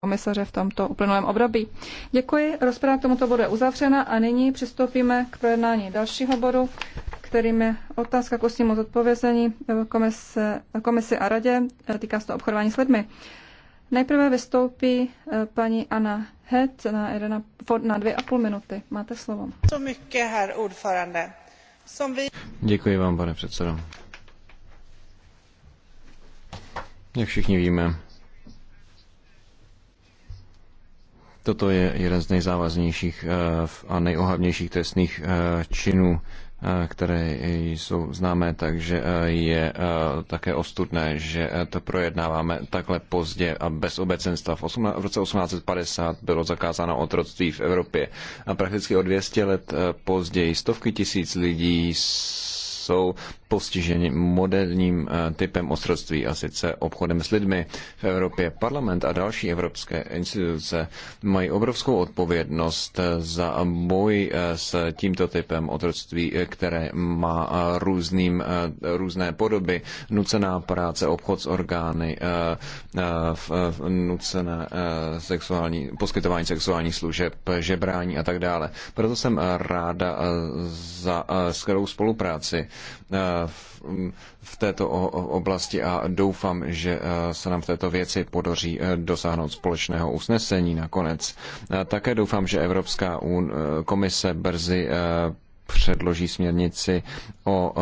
komisaře v tomto uplynulém období. Děkuji, rozprava k tomuto bodu je uzavřena a nyní přistoupíme k projednání dalšího bodu, kterým je otázka k ústnímu zodpovězení eh, komise, komisi a radě, eh, týká se to obchodování s lidmi. Nejprve vystoupí eh, paní Anna Het na, jedna, na dvě a půl minuty. Máte slovo. Děkuji vám, pane předsedo. Jak všichni víme, Toto je jeden z nejzávaznějších eh, a nejohavnějších trestných eh, činů, eh, které jsou známé, takže je také ostudné, že to projednáváme takhle pozdě a bez obecenstva. V, v roce 1850 bylo zakázáno otroctví v Evropě a prakticky o 200 let později stovky tisíc lidí jsou postiženi moderním eh, typem otroctví a sice obchodem s lidmi v Evropě. Parlament a další evropské instituce mají obrovskou odpovědnost eh, za boj eh, s tímto typem otroctví, které má různým, různé podoby. Nucená práce, obchod s orgány, nucené sexuální, poskytování sexuálních služeb, žebrání a tak dále. Proto jsem ráda za skvělou spolupráci Eh, mm, v této oblasti a doufám, že eh, se nám v této věci podaří eh, dosáhnout společného usnesení nakonec. Také doufám, že Evropská komise brzy předloží směrnici o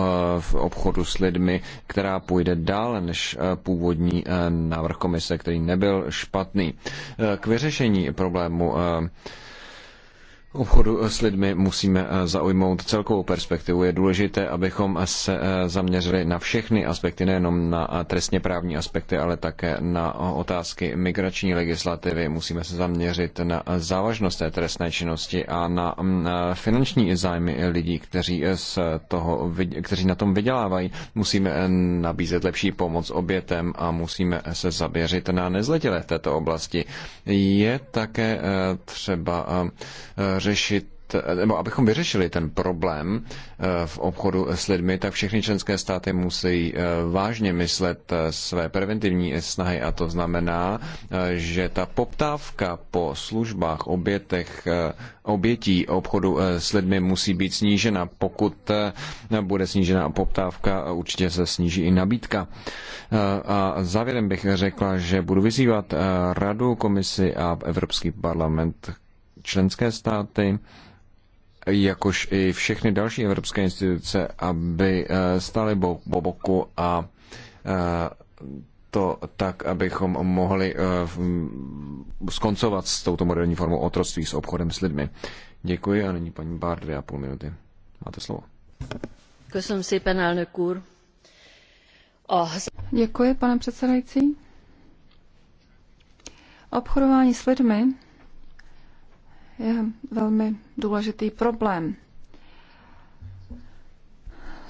v obchodu s lidmi, která půjde dále než původní návrh komise, který nebyl špatný. K vyřešení problému obchodu s lidmi musíme eh, zaujmout celkovou perspektivu. Je důležité, abychom se eh, zaměřili na všechny aspekty, nejenom na eh, trestně právní aspekty, ale také na otázky migrační legislativy. Musíme se zaměřit na závažnost té trestné činnosti a na mm, finanční zájmy lidí, kteří, z toho, kteří na tom vydělávají. Musíme nabízet lepší pomoc obětem a musíme se zaměřit na nezletilé v této oblasti. Je také třeba řešit nebo abychom vyřešili ten problém eh, v obchodu s lidmi, tak všechny členské státy musí eh, vážně myslet eh, své preventivní snahy a to znamená, že ta poptávka po službách obětech, obětí obchodu s lidmi musí být snížena. Pokud bude snížena poptávka, určitě se sníží i nabídka. A závěrem bych řekla, že budu vyzývat Radu, Komisi a Evropský parlament členské státy, jakož i všechny další evropské instituce, aby eh, stály bo, bo boku a eh, to tak, abychom mohli eh, skoncovat s touto moderní formou otroctví s obchodem s lidmi. Děkuji a nyní paní Bár dvě a půl minuty. Máte slovo. Děkuji, pane předsedající. Obchodování s lidmi je velmi důležitý problém.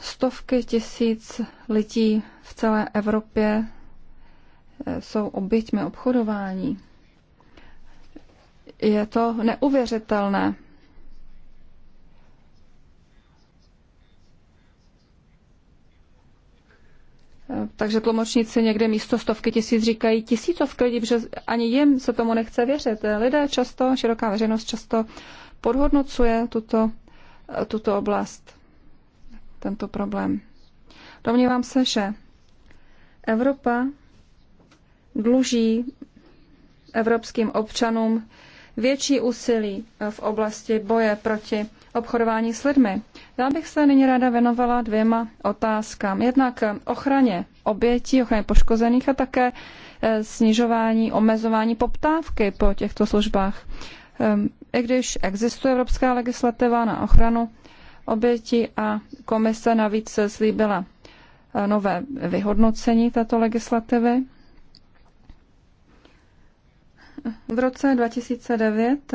Stovky tisíc lidí v celé Evropě eh, jsou oběťmi obchodování. Je to neuvěřitelné. Takže tlumočníci někde místo stovky tisíc říkají tisícovky lidí, protože ani jim se tomu nechce věřit. Lidé často, široká veřejnost často podhodnocuje tuto, tuto oblast, tento problém. Domnívám se, že Evropa dluží evropským občanům větší úsilí v oblasti boje proti obchodování s lidmi. Já bych se nyní ráda věnovala dvěma otázkám. Jednak eh, ochraně obětí, ochraně poškozených a také eh, snižování, omezování poptávky po těchto službách. Ehm, I když existuje evropská legislativa na ochranu obětí a komise navíc slíbila eh, nové vyhodnocení této legislativy. V roce 2009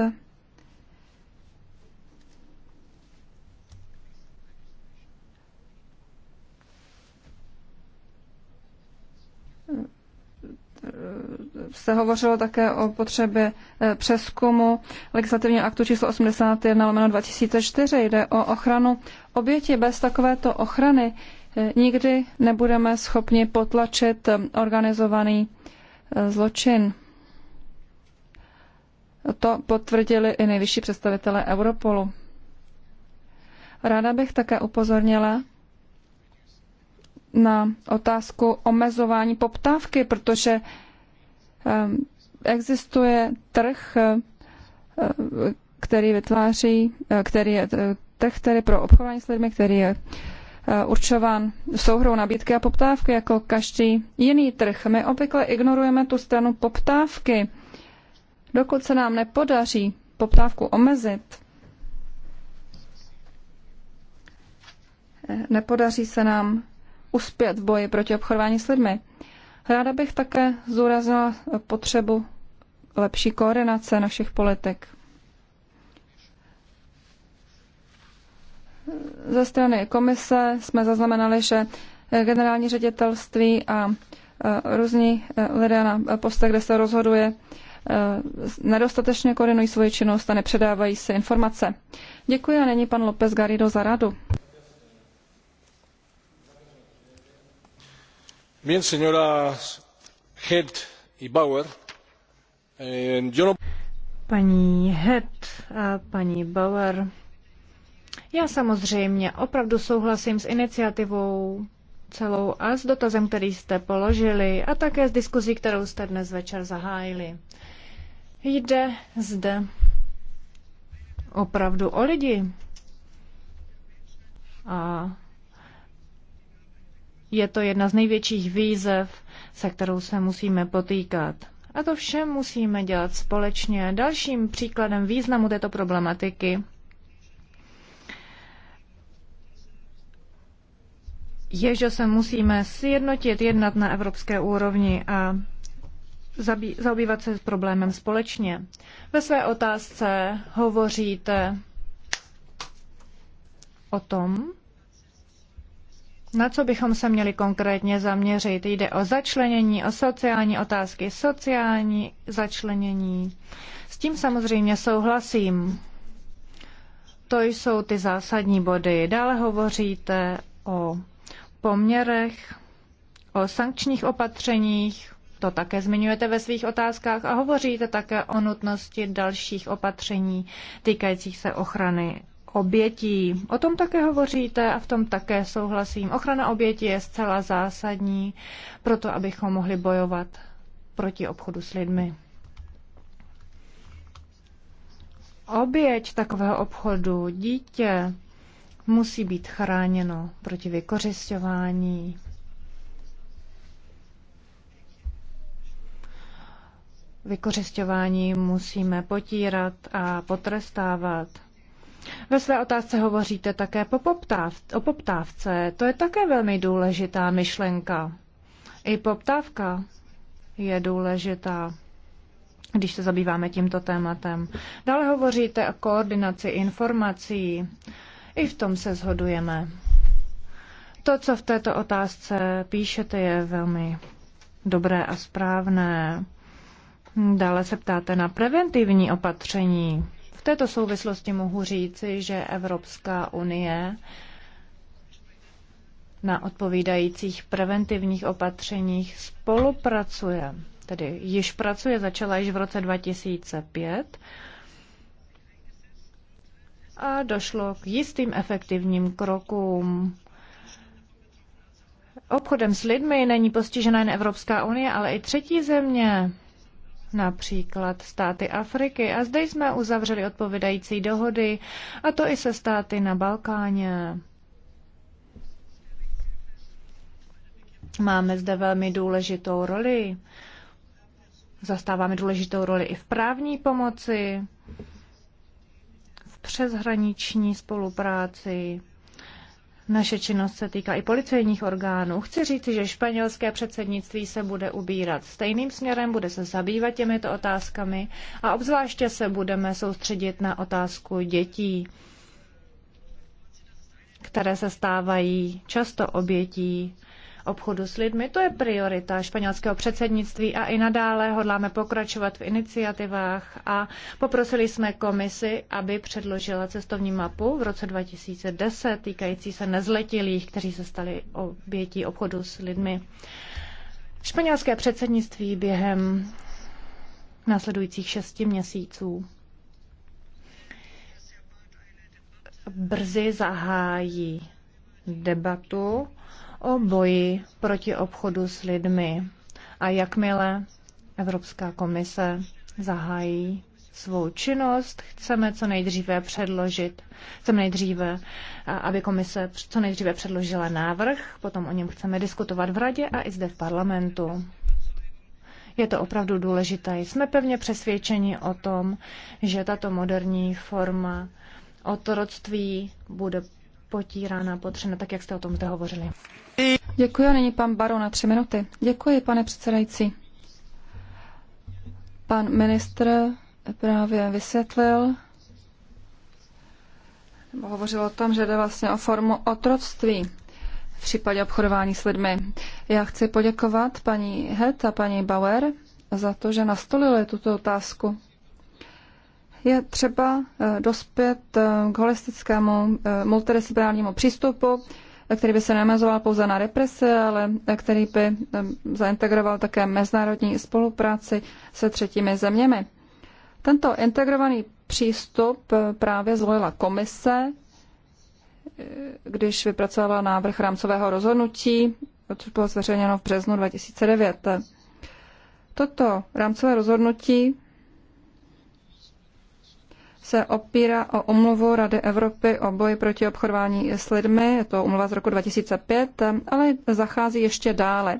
se hovořilo také o potřebě eh, přeskumu legislativního aktu číslo 81 lomeno 2004. Jde o ochranu oběti. Bez takovéto ochrany eh, nikdy nebudeme schopni potlačit eh, organizovaný zločin. To potvrdili i nejvyšší představitelé Europolu. Ráda bych také upozornila na otázku omezování poptávky, protože Ehm, existuje trh, eh, který vytváří, eh, který je eh, trh tedy pro obchodování s lidmi, který je určován souhrou nabídky a poptávky jako každý jiný trh. My obvykle ignorujeme tu stranu poptávky. Dokud se nám nepodaří poptávku omezit, nepodaří se nám uspět v boji proti obchodování s lidmi. Ráda bych také zúraznila potřebu lepší koordinace našich politik. Ze strany komise jsme zaznamenali, že generální ředitelství a e, různí e, lidé na postech, kde se rozhoduje, e, nedostatečně koordinují svoji činnost a nepředávají se informace. Děkuji a není pan López Garrido za radu. Eh, no- paní Head a paní Bauer, já samozřejmě opravdu souhlasím s iniciativou celou a s dotazem, který jste položili a také s diskuzí, kterou jste dnes večer zahájili. Jde zde opravdu o lidi. A je to jedna z největších výzev, se kterou se musíme potýkat. A to vše musíme dělat společně. Dalším příkladem významu této problematiky je, že se musíme sjednotit, jednat na evropské úrovni a zabý, zaobývat se s problémem společně. Ve své otázce hovoříte o tom, na co bychom se měli konkrétně zaměřit? Jde o začlenění, o sociální otázky, sociální začlenění. S tím samozřejmě souhlasím. To jsou ty zásadní body. Dále hovoříte o poměrech, o sankčních opatřeních, to také zmiňujete ve svých otázkách a hovoříte také o nutnosti dalších opatření týkajících se ochrany obětí. O tom také hovoříte a v tom také souhlasím. Ochrana obětí je zcela zásadní pro to, abychom mohli bojovat proti obchodu s lidmi. Oběť takového obchodu, dítě, musí být chráněno proti vykořišťování. Vykořišťování musíme potírat a potrestávat. Ve své otázce hovoříte také po poptáv- o poptávce. To je také velmi důležitá myšlenka. I poptávka je důležitá, když se zabýváme tímto tématem. Dále hovoříte o koordinaci informací. I v tom se shodujeme. To, co v této otázce píšete, je velmi dobré a správné. Dále se ptáte na preventivní opatření. V této souvislosti mohu říci, že Evropská unie na odpovídajících preventivních opatřeních spolupracuje, tedy již pracuje, začala již v roce 2005 a došlo k jistým efektivním krokům. Obchodem s lidmi není postižena jen Evropská unie, ale i třetí země například státy Afriky. A zde jsme uzavřeli odpovídající dohody, a to i se státy na Balkáně. Máme zde velmi důležitou roli. Zastáváme důležitou roli i v právní pomoci, v přeshraniční spolupráci naše činnost se týká i policejních orgánů. Chci říct, že španělské předsednictví se bude ubírat stejným směrem, bude se zabývat těmito otázkami a obzvláště se budeme soustředit na otázku dětí, které se stávají často obětí obchodu s lidmi. To je priorita španělského předsednictví a i nadále hodláme pokračovat v iniciativách a poprosili jsme komisi, aby předložila cestovní mapu v roce 2010 týkající se nezletilých, kteří se stali obětí obchodu s lidmi. Španělské předsednictví během následujících šesti měsíců brzy zahájí debatu o boji proti obchodu s lidmi. A jakmile Evropská komise zahájí svou činnost, chceme co nejdříve předložit, chceme nejdříve, aby komise co nejdříve předložila návrh, potom o něm chceme diskutovat v radě a i zde v parlamentu. Je to opravdu důležité. Jsme pevně přesvědčeni o tom, že tato moderní forma otroctví bude potírána, potřena, tak jak jste o tom zde hovořili. Děkuji a nyní pan Baro na tři minuty. Děkuji, pane předsedající. Pan ministr právě vysvětlil, nebo hovořil o tom, že jde vlastně o formu otroctví v případě obchodování s lidmi. Já chci poděkovat paní Het a paní Bauer za to, že nastolili tuto otázku je třeba eh, dospět eh, k holistickému eh, multidisciplinárnímu přístupu, který by se nemazoval pouze na represi, ale který by zaintegroval také mezinárodní spolupráci se třetími zeměmi. Tento integrovaný přístup právě zvolila komise, když vypracovala návrh rámcového rozhodnutí, což bylo zveřejněno v březnu 2009. Toto rámcové rozhodnutí se opírá o umluvu Rady Evropy o boji proti obchodování s lidmi, je to umluva z roku 2005, ale zachází ještě dále.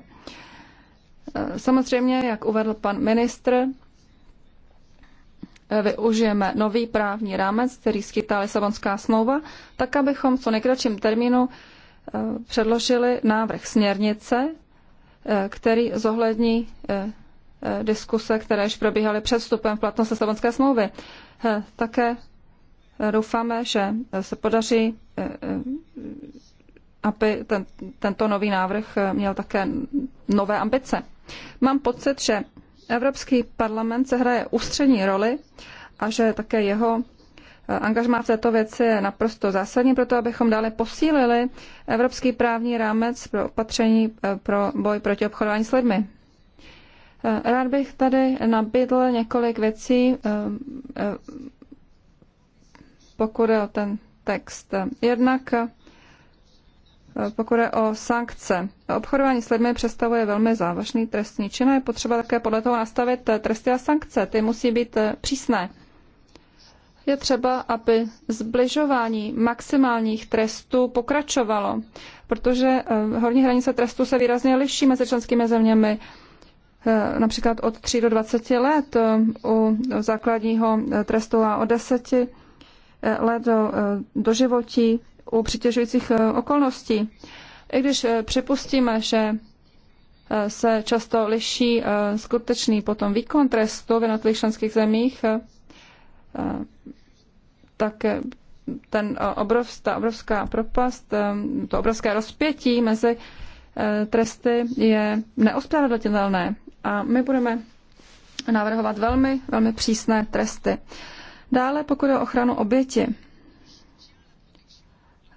Samozřejmě, jak uvedl pan ministr, využijeme nový právní rámec, který schytá Lisabonská smlouva, tak abychom v co nejkratším termínu eh, předložili návrh směrnice, eh, který zohlední eh, Eh, diskuse, které již probíhaly před vstupem v platnost Lisabonské smlouvy. Eh, také eh, doufáme, že se podaří, aby ten, tento nový návrh měl také nové ambice. Mám pocit, že Evropský parlament se hraje ústřední roli a že také jeho angažmá v této věci je naprosto zásadní proto, abychom dále posílili evropský právní rámec pro opatření pro boj proti obchodování s lidmi. Rád bych tady nabídl několik věcí, eh, eh, pokud je o ten text. Jednak eh, pokud je o sankce. Obchodování s lidmi představuje velmi závažný trestní čin a je potřeba také podle toho nastavit tresty a sankce. Ty musí být přísné. Je třeba, aby zbližování maximálních trestů pokračovalo, protože horní hranice trestů se výrazně liší mezi členskými zeměmi. Eh, například od 3 do 20 let, eh, u základního eh, trestu a od 10 let do, do životí u přitěžujících okolností. I když připustíme, že se často liší skutečný potom výkon trestu v jednotlivých členských zemích, tak ten obrov, ta obrovská propast, to obrovské rozpětí mezi tresty je neospravedlnitelné a my budeme navrhovat velmi, velmi přísné tresty. Dále, pokud je o ochranu oběti,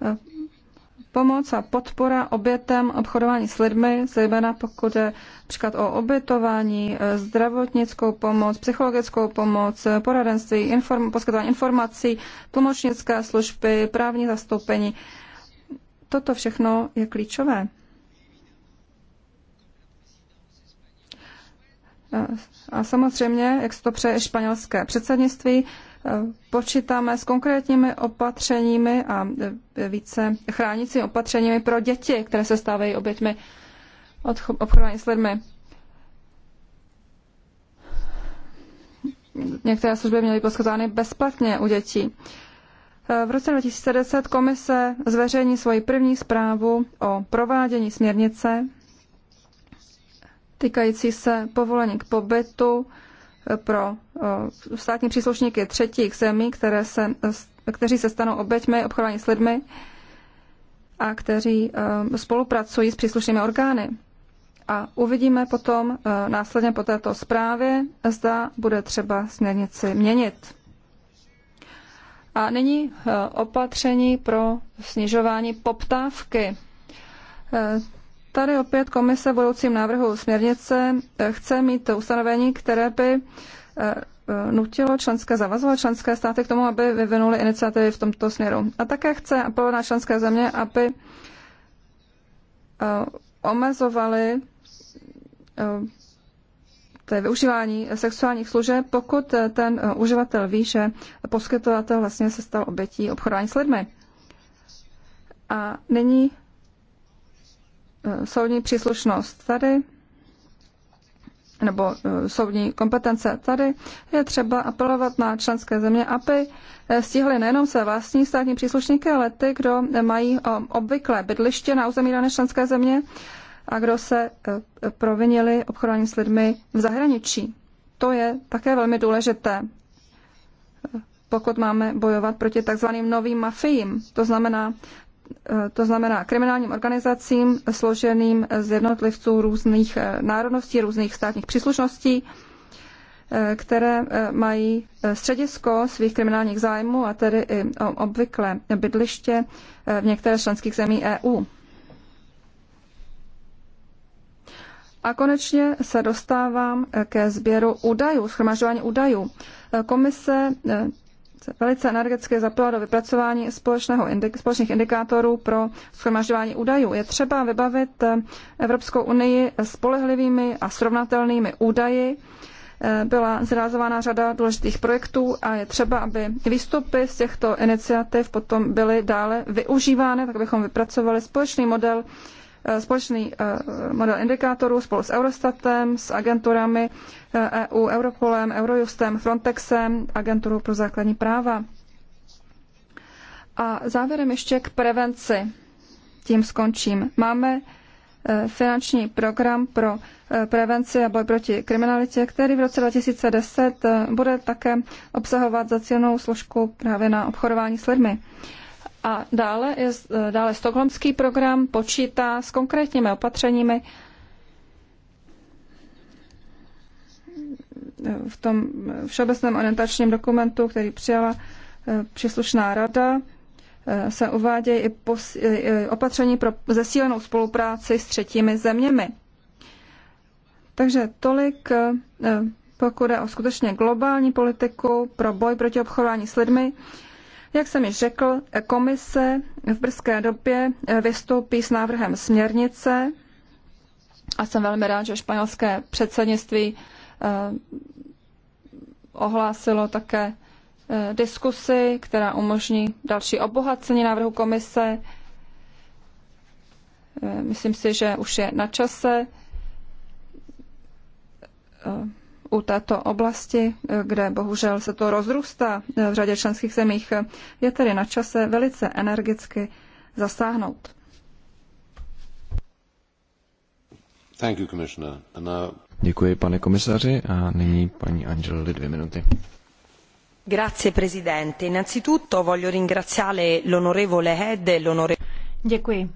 eh, pomoc a podpora obětem obchodování s lidmi, zejména pokud je například o obětování, eh, zdravotnickou pomoc, psychologickou pomoc, eh, poradenství, inform, poskytování informací, tlumočnické služby, právní zastoupení. Toto všechno je klíčové. A samozřejmě, jak se to přeje španělské předsednictví, eh, počítáme s konkrétními opatřeními a eh, více chránícími opatřeními pro děti, které se stávají oběťmi obchodování s lidmi. Některé služby měly poskytovány bezplatně u dětí. Eh, v roce 2010 komise zveřejní svoji první zprávu o provádění směrnice týkající se povolení k pobytu eh, pro eh, státní příslušníky třetích zemí, které se, eh, kteří se stanou oběťmi obchodování s lidmi a kteří spolupracují s příslušnými orgány. A uvidíme potom následně po této zprávě, zda bude třeba směrnici měnit. A nyní opatření pro snižování poptávky. Tady opět komise v budoucím návrhu směrnice eh, chce mít to ustanovení, které by eh, eh, nutilo členské, zavazovat členské státy k tomu, aby vyvinuli iniciativy v tomto směru. A také chce apelovat na členské země, aby omezovali té využívání sexuálních služeb, pokud ten uživatel ví, že poskytovatel vlastně se stal obětí obchodování s lidmi. A nyní Eh, soudní příslušnost tady nebo eh, soudní kompetence tady, je třeba apelovat na členské země, aby eh, stihly nejenom své vlastní státní příslušníky, ale ty, kdo mají obvyklé bydliště na území dané členské země a kdo se provinili obchodování s lidmi v zahraničí. To je také velmi důležité, pokud máme bojovat proti takzvaným novým mafiím, to znamená Eh, to znamená kriminálním organizacím složeným z jednotlivců různých eh, národností, různých státních příslušností, eh, které mají středisko svých kriminálních zájmů a tedy i obvykle bydliště v některé členských zemí EU. A konečně se dostávám ke sběru údajů, schromažování údajů. Komise velice energeticky zapila do vypracování společného indik, společných indikátorů pro schromažďování údajů. Je třeba vybavit eh, Evropskou unii spolehlivými a srovnatelnými údaji. Eh, byla zrealizována řada důležitých projektů a je třeba, aby výstupy z těchto iniciativ potom byly dále využívány, tak abychom vypracovali společný model Eh, společný eh, model indikátorů spolu s Eurostatem, s agenturami EU, eh, e Europolem, Eurojustem, Frontexem, agenturou pro základní práva. A závěrem ještě k prevenci. Tím skončím. Máme finanční program pro prevenci a boj proti kriminalitě, který v roce 2010 bude také obsahovat zacílenou složku právě na obchodování s lidmi. A dále, je, dále stokholmský program počítá s konkrétními opatřeními v tom všeobecném orientačním dokumentu, který přijala eh, příslušná rada, eh, se uvádějí i, pos, i opatření pro zesílenou spolupráci s třetími zeměmi. Takže tolik, eh, pokud je o skutečně globální politiku pro boj proti obchodování s lidmi, jak jsem již řekl, komise v brzké době eh, vystoupí s návrhem směrnice a jsem velmi rád, že španělské předsednictví eh, ohlásilo také eh, diskusi, která umožní další obohacení návrhu komise. Myslím si, že už je na čase u této oblasti, kde bohužel se to rozrůstá v řadě členských zemích, je tedy na čase velice energicky zasáhnout. Thank you, Commissioner. And now... Děkuji, pane komisaři, a nyní paní Angeli dvě minuty. Grazie, Presidente. Innanzitutto voglio ringraziare l'onorevole Head e l'onorevole... Děkuji.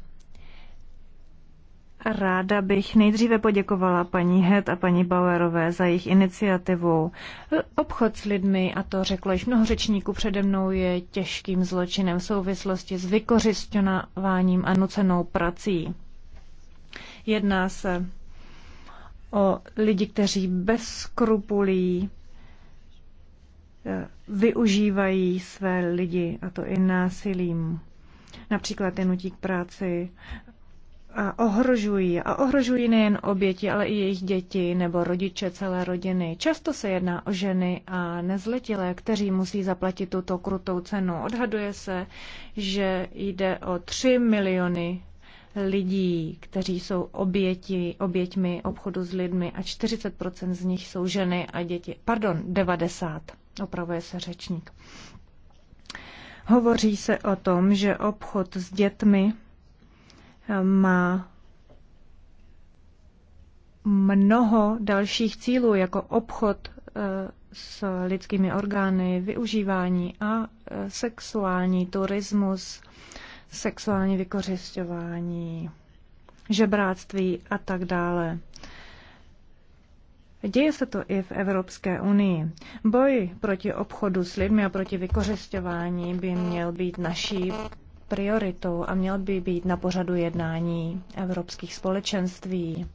Ráda bych nejdříve poděkovala paní Het a paní Bauerové za jejich iniciativu. Obchod s lidmi, a to řeklo již mnoho řečníků přede mnou, je těžkým zločinem v souvislosti s vykořišťováním a nucenou prací. Jedná se o lidi, kteří bez skrupulí eh, využívají své lidi, a to i násilím. Například je nutí k práci, a ohrožují. A ohrožují nejen oběti, ale i jejich děti nebo rodiče celé rodiny. Často se jedná o ženy a nezletilé, kteří musí zaplatit tuto krutou cenu. Odhaduje se, že jde o 3 miliony lidí, kteří jsou oběti, oběťmi obchodu s lidmi a 40% z nich jsou ženy a děti. Pardon, 90, opravuje se řečník. Hovoří se o tom, že obchod s dětmi má mnoho dalších cílů, jako obchod eh, s lidskými orgány, využívání a eh, sexuální turismus, sexuální vykořišťování, žebráctví a tak dále. Děje se to i v Evropské unii. Boj proti obchodu s lidmi a proti vykořišťování by měl být naší prioritou a měl by být na pořadu jednání evropských společenství.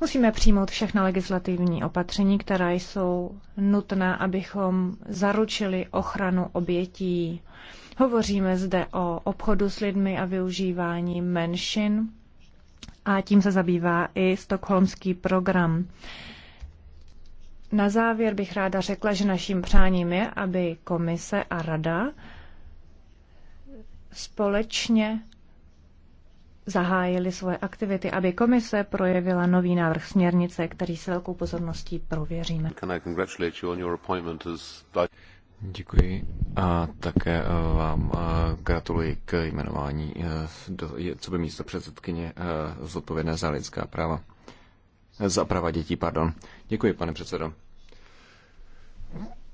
Musíme přijmout všechna legislativní opatření, která jsou nutná, abychom zaručili ochranu obětí. Hovoříme zde o obchodu s lidmi a využívání menšin a tím se zabývá i stokholmský program. Na závěr bych ráda řekla, že naším přáním je, aby komise a rada společně zahájili svoje aktivity, aby komise projevila nový návrh směrnice, který s velkou pozorností prověříme. Děkuji a také eh, vám eh, gratuluji k jmenování eh, co by místo předsedkyně zodpovědné za lidská práva. Za práva dětí, pardon. Děkuji, pane předsedo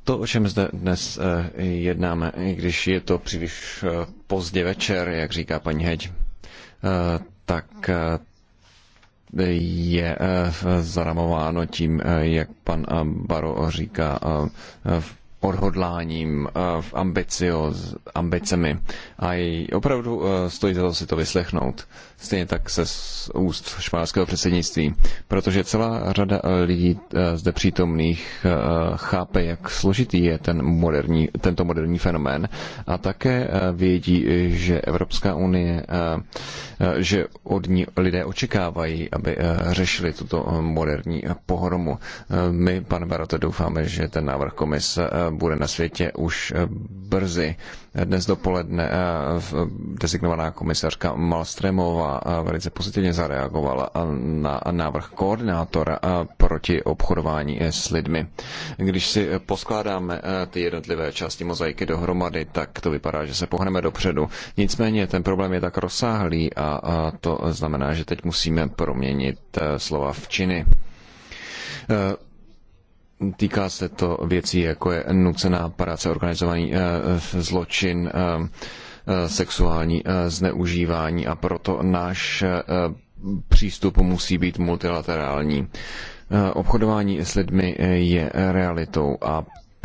to, o čem zde dnes eh, jednáme, i když je to příliš eh, pozdě večer, jak říká paní Heď, eh, tak je zaramováno tím, jak pan Baro říká, odhodláním, ambicioz, ambicemi a opravdu eh, stojí za to si to vyslechnout. Stejně tak se z úst španělského předsednictví. Protože celá řada eh, lidí eh, zde přítomných chápe, jak složitý je ten moderní, tento moderní fenomén. A také vědí, že Evropská unie, že od ní lidé očekávají, aby řešili tuto moderní pohromu. My, pane Barote, doufáme, že ten návrh komise bude na světě už brzy. Dnes dopoledne designovaná komisařka Malstremová velice pozitivně zareagovala na návrh koordinátora proti obchodování e, s lidmi. Když si poskládáme e, ty jednotlivé části mozaiky dohromady, tak to vypadá, že se pohneme dopředu. Nicméně ten problém je tak rozsáhlý a to znamená, že teď musíme proměnit e, slova v činy. Týká se to věcí, jako je nucená práce, organizovaný zločin, Eh, sexuální eh, zneužívání a proto náš eh, přístup musí být multilaterální. Obchodování s lidmi je realitou a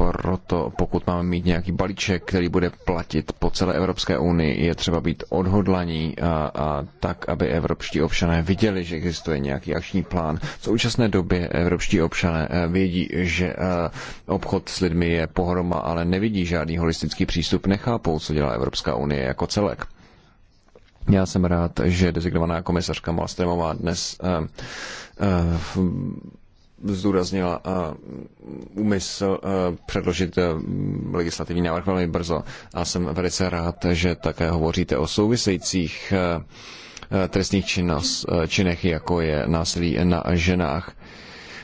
proto pokud máme mít nějaký balíček, který bude platit po celé Evropské unii, je třeba být odhodlaní a, a tak, aby evropští občané viděli, že existuje nějaký akční plán. V současné době evropští občané eh, vědí, že eh, obchod s lidmi je pohroma, ale nevidí žádný holistický přístup, nechápou, co dělá Evropská unie jako celek. Já jsem rád, že designovaná komisařka Malstremová dnes eh, eh, zdůraznila eh, úmysl eh, předložit eh, legislativní návrh velmi brzo. A jsem velice rád, že také hovoříte o souvisejících trestných činnost, činech, jako je násilí na ženách.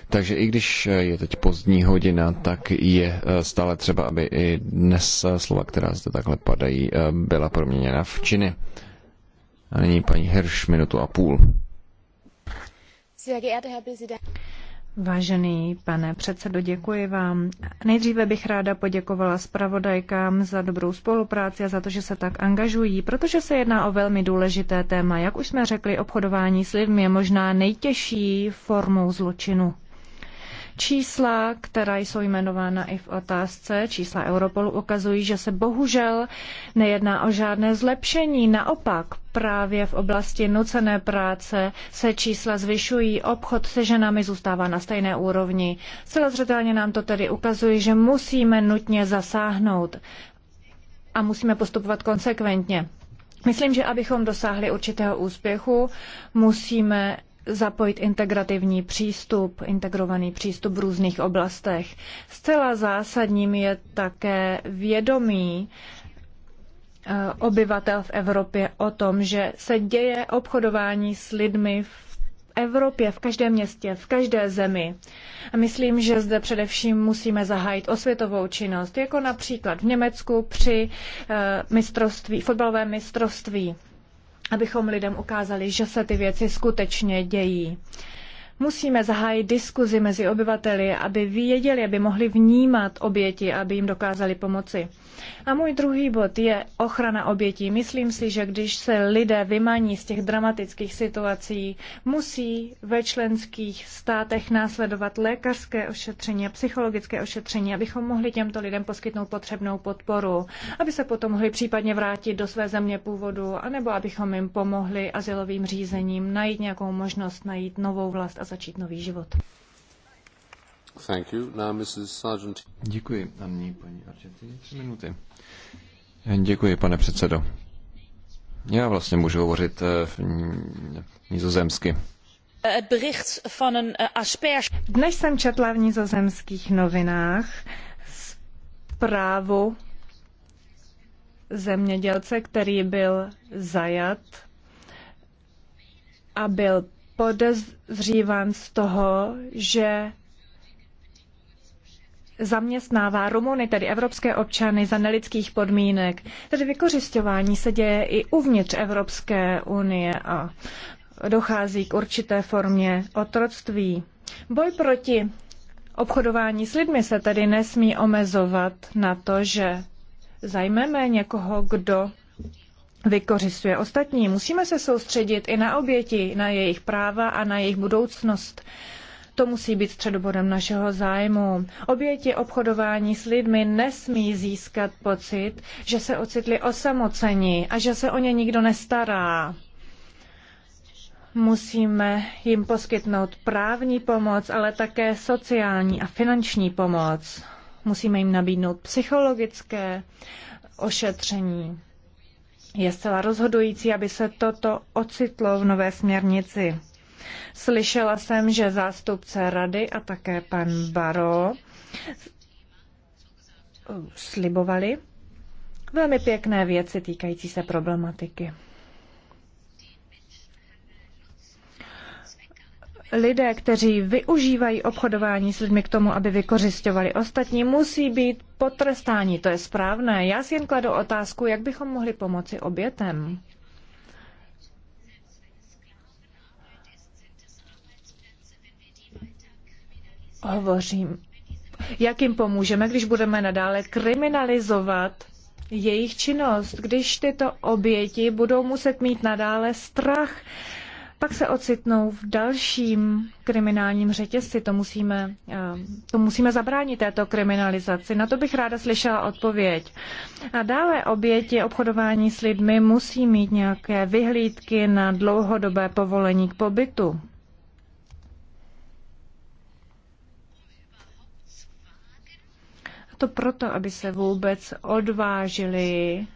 Takže i když je teď pozdní hodina, tak je stále třeba, aby i dnes slova, která zde takhle padají, byla proměněna v činy. A nyní paní Hirš minutu a půl. Vážený pane předsedo, děkuji vám. Nejdříve bych ráda poděkovala zpravodajkám za dobrou spolupráci a za to, že se tak angažují, protože se jedná o velmi důležité téma. Jak už jsme řekli, obchodování s lidmi je možná nejtěžší formou zločinu. Čísla, která jsou jmenována i v otázce, čísla Europolu ukazují, že se bohužel nejedná o žádné zlepšení. Naopak, právě v oblasti nucené práce se čísla zvyšují, obchod se ženami zůstává na stejné úrovni. Celozřetelně nám to tedy ukazuje, že musíme nutně zasáhnout a musíme postupovat konsekventně. Myslím, že abychom dosáhli určitého úspěchu, musíme zapojit integrativní přístup, integrovaný přístup v různých oblastech. Zcela zásadním je také vědomí eh, obyvatel v Evropě o tom, že se děje obchodování s lidmi v Evropě, v každém městě, v každé zemi. A myslím, že zde především musíme zahájit osvětovou činnost, jako například v Německu při eh, mistrovství, fotbalovém mistrovství abychom lidem ukázali, že se ty věci skutečně dějí. Musíme zahájit diskuzi mezi obyvateli, aby věděli, aby mohli vnímat oběti, aby jim dokázali pomoci. A můj druhý bod je ochrana obětí. Myslím si, že když se lidé vymaní z těch dramatických situací, musí ve členských státech následovat lékařské ošetření a psychologické ošetření, abychom mohli těmto lidem poskytnout potřebnou podporu, aby se potom mohli případně vrátit do své země původu, anebo abychom jim pomohli asilovým řízením najít nějakou možnost najít novou vlast a začít nový život. Thank you. Now, Mrs. Děkuji. A nyní paní Argentini, tři minuty. Děkuji, pane předsedo. Já vlastně můžu hovořit eh, v nizozemsky. Eh, eh, Dnes jsem četla v nizozemských novinách zprávu zemědělce, který byl zajat a byl podezříván z toho, že zaměstnává Rumuny, tedy evropské občany, za nelidských podmínek. Tedy vykořišťování se děje i uvnitř Evropské unie a dochází k určité formě otroctví. Boj proti obchodování s lidmi se tedy nesmí omezovat na to, že zajmeme někoho, kdo vykořistuje ostatní. Musíme se soustředit i na oběti, na jejich práva a na jejich budoucnost. To musí být středobodem našeho zájmu. Oběti obchodování s lidmi nesmí získat pocit, že se ocitli osamoceni a že se o ně nikdo nestará. Musíme jim poskytnout právní pomoc, ale také sociální a finanční pomoc. Musíme jim nabídnout psychologické ošetření. Je zcela rozhodující, aby se toto ocitlo v nové směrnici. Slyšela jsem, že zástupce rady a také pan Baro slibovali velmi pěkné věci týkající se problematiky. lidé, kteří využívají obchodování s lidmi k tomu, aby vykořišťovali ostatní, musí být potrestáni. To je správné. Já si jen kladu otázku, jak bychom mohli pomoci obětem. Hovořím. Jak jim pomůžeme, když budeme nadále kriminalizovat jejich činnost, když tyto oběti budou muset mít nadále strach, pak se ocitnou v dalším kriminálním řetězci. To musíme, eh, to musíme zabránit této kriminalizaci. Na to bych ráda slyšela odpověď. A dále oběti obchodování s lidmi musí mít nějaké vyhlídky na dlouhodobé povolení k pobytu. to proto, aby se vůbec odvážili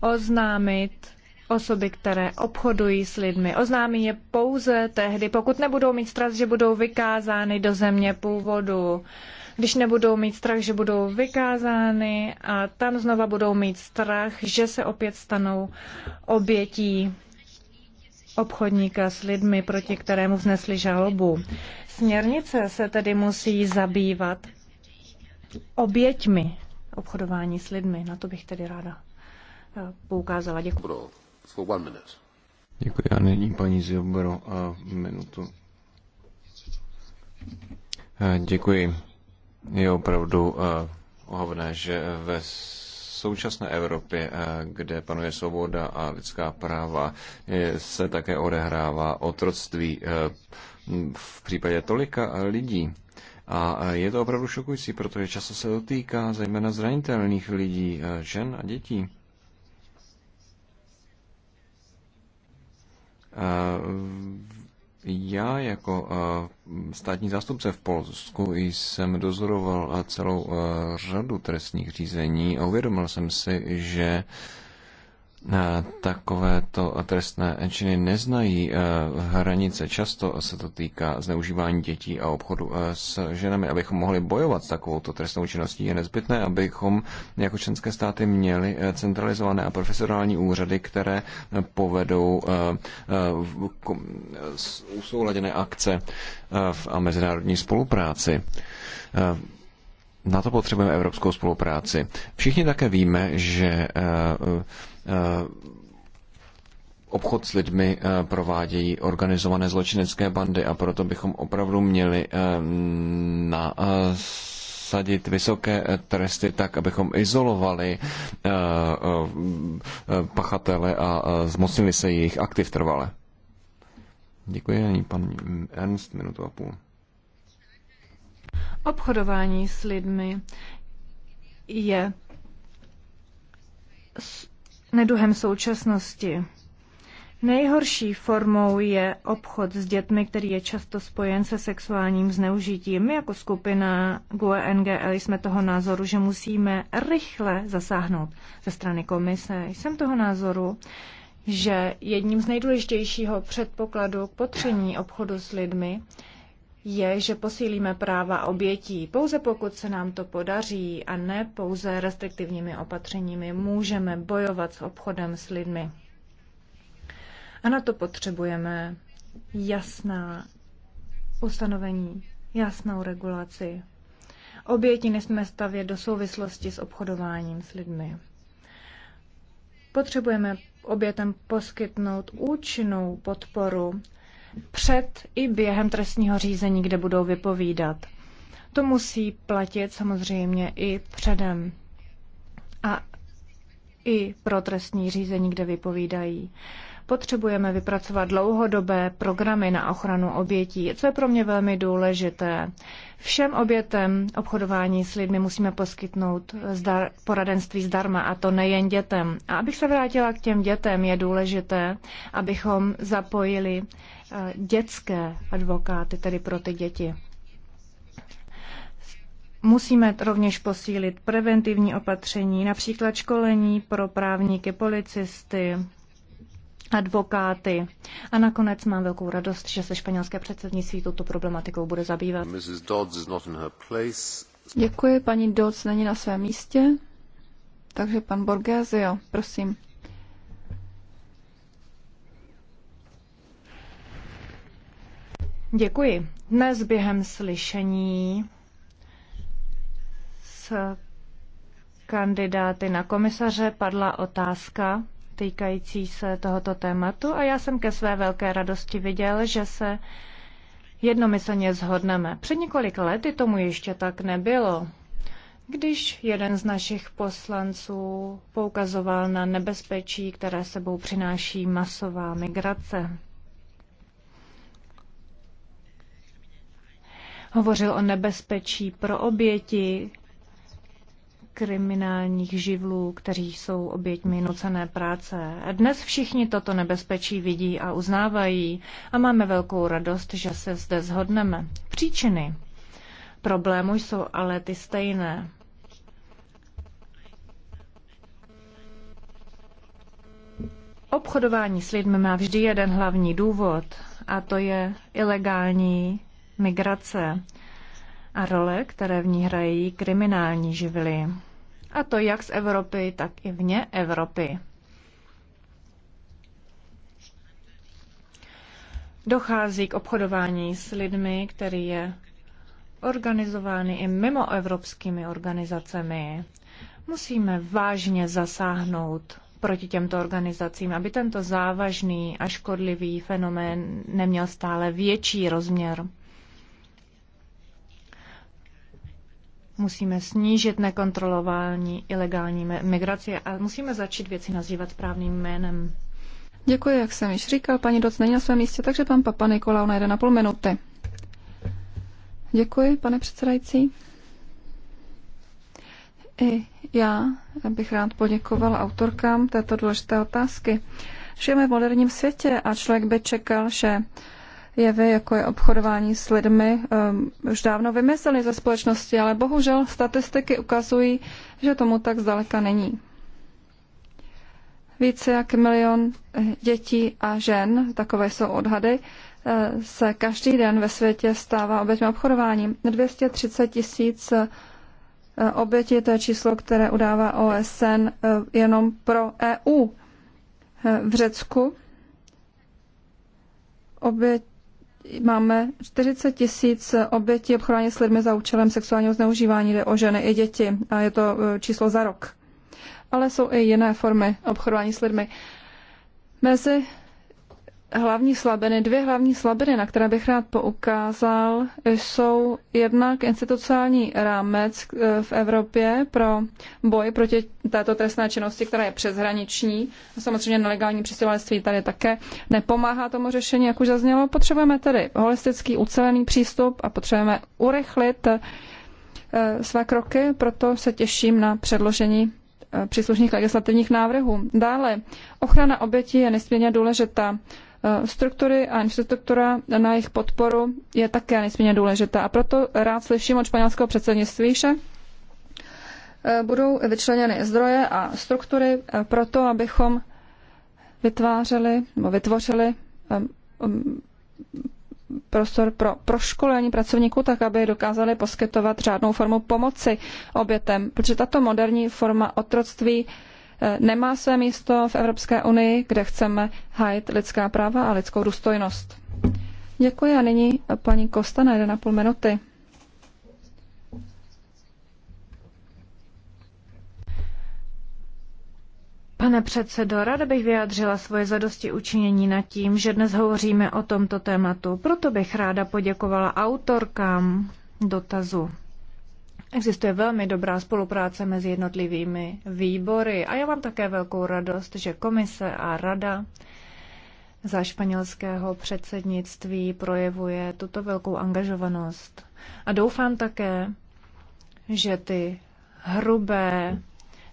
oznámit Osoby, které obchodují s lidmi, oznámí je pouze tehdy, pokud nebudou mít strach, že budou vykázány do země původu. Když nebudou mít strach, že budou vykázány a tam znova budou mít strach, že se opět stanou obětí obchodníka s lidmi, proti kterému vznesli žalobu. Směrnice se tedy musí zabývat oběťmi obchodování s lidmi. Na to bych tedy ráda eh, poukázala. Děkuji for one minute. Děkuji. A nyní paní Ziobro a minutu. Eh, děkuji. Je opravdu eh, ohavné, že ve současné Evropě, eh, kde panuje svoboda a lidská práva, se také odehrává otroctví v případě tolika lidí. A je to opravdu šokující, protože často se dotýká zejména zranitelných lidí, žen a dětí. Já jako eh, státní zástupce v Polsku jsem dozoroval celou eh, řadu trestních řízení a uvědomil jsem si, že Eh, takovéto trestné činy neznají eh, hranice. Často se to týká zneužívání dětí a obchodu eh, s ženami. Abychom mohli bojovat s takovouto trestnou činností, je nezbytné, abychom jako členské státy měli centralizované a profesionální úřady, které povedou usouladěné akce a mezinárodní spolupráci na to potřebujeme evropskou spolupráci. Všichni také víme, že eh, eh, obchod s lidmi eh, provádějí organizované zločinecké bandy a proto bychom opravdu měli na sadit vysoké tresty tak, abychom izolovali pachatele a zmocnili se jejich aktiv trvale. Děkuji, pan Ernst, minutu a půl. Obchodování s lidmi je neduhem současnosti. Nejhorší formou je obchod s dětmi, který je často spojen se sexuálním zneužitím. My jako skupina GUE NGL jsme toho názoru, že musíme rychle zasáhnout ze strany komise. Jsem toho názoru, že jedním z nejdůležitějšího předpokladu k potření obchodu s lidmi je, že posílíme práva obětí. Pouze pokud se nám to podaří a ne pouze restriktivními opatřeními, můžeme bojovat s obchodem s lidmi. A na to potřebujeme jasná ustanovení, jasnou regulaci. Oběti nesmíme stavět do souvislosti s obchodováním s lidmi. Potřebujeme obětem poskytnout účinnou podporu před i během trestního řízení, kde budou vypovídat. To musí platit samozřejmě i předem a i pro trestní řízení, kde vypovídají. Potřebujeme vypracovat dlouhodobé programy na ochranu obětí, co je pro mě velmi důležité. Všem obětem obchodování s lidmi musíme poskytnout zdar, poradenství zdarma, a to nejen dětem. A abych se vrátila k těm dětem, je důležité, abychom zapojili eh, dětské advokáty, tedy pro ty děti. Musíme rovněž posílit preventivní opatření, například školení pro právníky, policisty, advokáty. A nakonec mám velkou radost, že se španělské předsednictví touto problematikou bude zabývat. Děkuji, paní Dodds není na svém místě, takže pan Borgesio, prosím. Děkuji. Dnes během slyšení s kandidáty na komisaře padla otázka, týkající se tohoto tématu a já jsem ke své velké radosti viděl, že se jednomyslně zhodneme. Před několik lety tomu ještě tak nebylo. Když jeden z našich poslanců poukazoval na nebezpečí, které sebou přináší masová migrace, hovořil o nebezpečí pro oběti, kriminálních živlů, kteří jsou oběťmi nucené práce. Dnes všichni toto nebezpečí vidí a uznávají a máme velkou radost, že se zde zhodneme. Příčiny problému jsou ale ty stejné. Obchodování s lidmi má vždy jeden hlavní důvod a to je ilegální migrace a role, které v ní hrají kriminální živly a to jak z Evropy, tak i vně Evropy. Dochází k obchodování s lidmi, který je organizovány i mimo evropskými organizacemi. Musíme vážně zasáhnout proti těmto organizacím, aby tento závažný a škodlivý fenomén neměl stále větší rozměr. Musíme snížit nekontrolování ilegální migraci a musíme začít věci nazývat správným jménem. Děkuji, jak jsem již říkal, paní Doc není na svém místě, takže pan Papa Nikolau na 1,5 minuty. Děkuji, pane předsedající. I já bych rád poděkoval autorkám této důležité otázky. Žijeme v moderním světě a člověk by čekal, že jevy, jako je obchodování s lidmi, ehm, už dávno vymysleny ze společnosti, ale bohužel statistiky ukazují, že tomu tak zdaleka není. Více jak milion eh, dětí a žen, takové jsou odhady, eh, se každý den ve světě stává oběťmi obchodování. 230 tisíc eh, obětí, to je číslo, které udává OSN jenom pro EU. V Řecku oběť máme 40 tisíc obětí obchodování s lidmi za účelem sexuálního zneužívání, jde o ženy i děti a je to e, číslo za rok. Ale jsou i jiné formy obchodování s lidmi. Mezi hlavní slabiny, dvě hlavní slabiny, na které bych rád poukázal, jsou jednak institucionální rámec eh, v Evropě pro boj proti této trestné činnosti, která je přeshraniční. Samozřejmě nelegální přistěhovalectví tady také nepomáhá tomu řešení, jak už zaznělo. Potřebujeme tedy holistický, ucelený přístup a potřebujeme urychlit eh, své kroky, proto se těším na předložení eh, příslušných legislativních návrhů. Dále, ochrana obětí je nesmírně důležitá. Eh, struktury a infrastruktura na jejich podporu je také nesmírně důležitá. A proto rád slyším od španělského předsednictví, že eh, budou vyčleněny zdroje a struktury eh, pro to, abychom vytvářeli nebo vytvořili mm, prostor pro proškolení pracovníků, tak aby dokázali poskytovat řádnou formu pomoci obětem, protože tato moderní forma otroctví Eh, nemá své místo v Evropské unii, kde chceme hájit lidská práva a lidskou důstojnost. Děkuji a nyní paní Kosta na 1,5 minuty. Pane předsedo, ráda bych vyjádřila svoje zadosti učinění nad tím, že dnes hovoříme o tomto tématu. Proto bych ráda poděkovala autorkám dotazu. Existuje velmi dobrá spolupráce mezi jednotlivými výbory a já mám také velkou radost, že komise a rada za španělského předsednictví projevuje tuto velkou angažovanost. A doufám také, že ty hrubé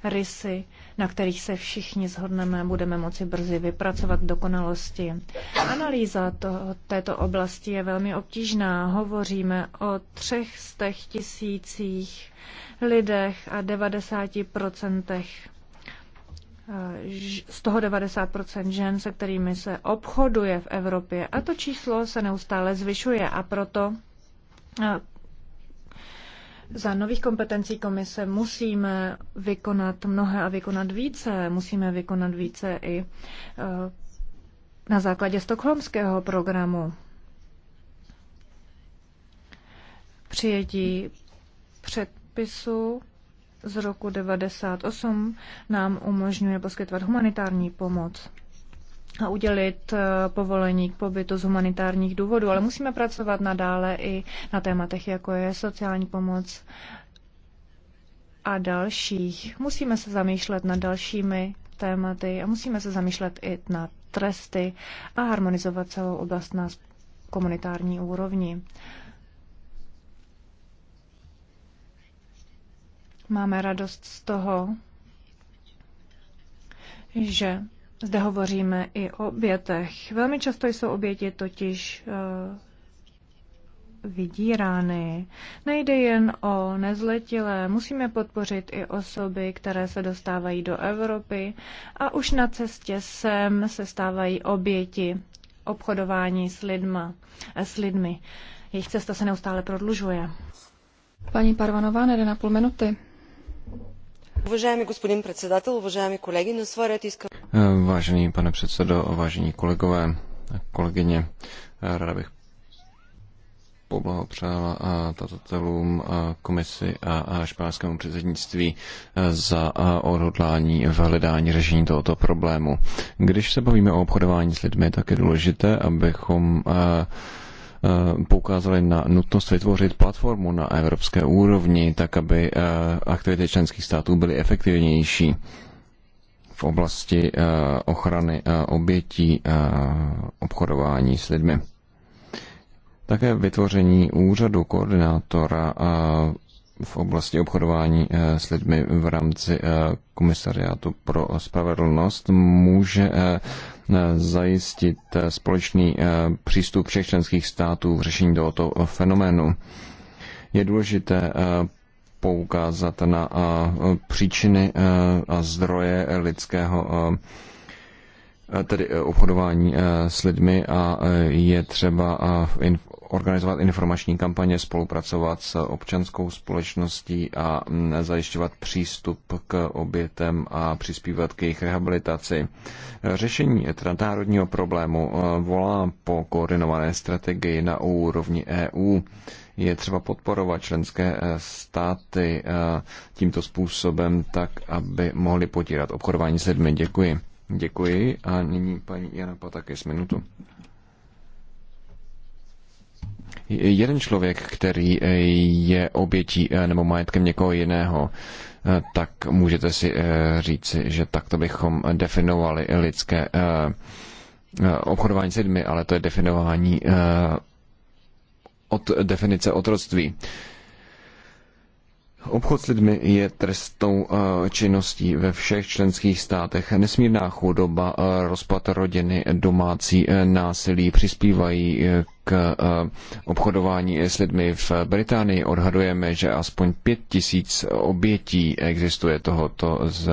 rysy na kterých se všichni shodneme, budeme moci brzy vypracovat dokonalosti. Analýza to, této oblasti je velmi obtížná. Hovoříme o třech těch tisících lidech a 90% eh, z toho 90% žen, se kterými se obchoduje v Evropě. A to číslo se neustále zvyšuje a proto eh, za nových kompetencí komise musíme vykonat mnohé a vykonat více. Musíme vykonat více i eh, na základě stokholmského programu. Přijetí předpisu z roku 1998 nám umožňuje poskytovat humanitární pomoc a udělit eh, povolení k pobytu z humanitárních důvodů, ale musíme pracovat nadále i na tématech, jako je sociální pomoc a dalších. Musíme se zamýšlet nad dalšími tématy a musíme se zamýšlet i nad tresty a harmonizovat celou oblast na komunitární úrovni. Máme radost z toho, že zde hovoříme i o obětech. Velmi často jsou oběti totiž eh, vydírány. Nejde jen o nezletilé, musíme podpořit i osoby, které se dostávají do Evropy a už na cestě sem se stávají oběti obchodování s, lidma, eh, s lidmi. Jejich cesta se neustále prodlužuje. Paní Parvanová, na půl minuty. Vážený pane předsedo, vážení kolegové a kolegyně, ráda bych poblahopřála tazatelům komisi a španělskému předsednictví za odhodlání v hledání řešení tohoto problému. Když se bavíme o obchodování s lidmi, tak je důležité, abychom Eh, poukázali na nutnost vytvořit platformu na evropské úrovni, tak aby eh, aktivity členských států byly efektivnější v oblasti eh, ochrany obětí obchodování s lidmi. Také vytvoření úřadu koordinátora v oblasti obchodování eh, s lidmi v rámci eh, komisariátu pro spravedlnost může eh, zajistit společný přístup všech členských států v řešení tohoto fenoménu. Je důležité poukázat na příčiny a zdroje lidského tedy obchodování s lidmi a je třeba organizovat informační kampaně, spolupracovat s občanskou společností a mm, zajišťovat přístup k obětem a přispívat k jejich rehabilitaci. Řešení národního problému e, volá po koordinované strategii na úrovni EU je třeba podporovat členské e, státy e, tímto způsobem tak, aby mohli potírat obchodování s lidmi. Děkuji. Děkuji a nyní paní Jana z minutu jeden člověk, který eh, je obětí eh, nebo majetkem někoho jiného, eh, tak můžete si říci, že takto bychom definovali lidské obchodování s lidmi, ale to je definování od definice otroctví. Obchod s lidmi je trestnou činností ve všech členských státech. Nesmírná chudoba, rozpad rodiny, domácí násilí přispívají k eh, obchodování s lidmi v Británii. Odhadujeme, že aspoň pět tisíc obětí existuje tohoto, z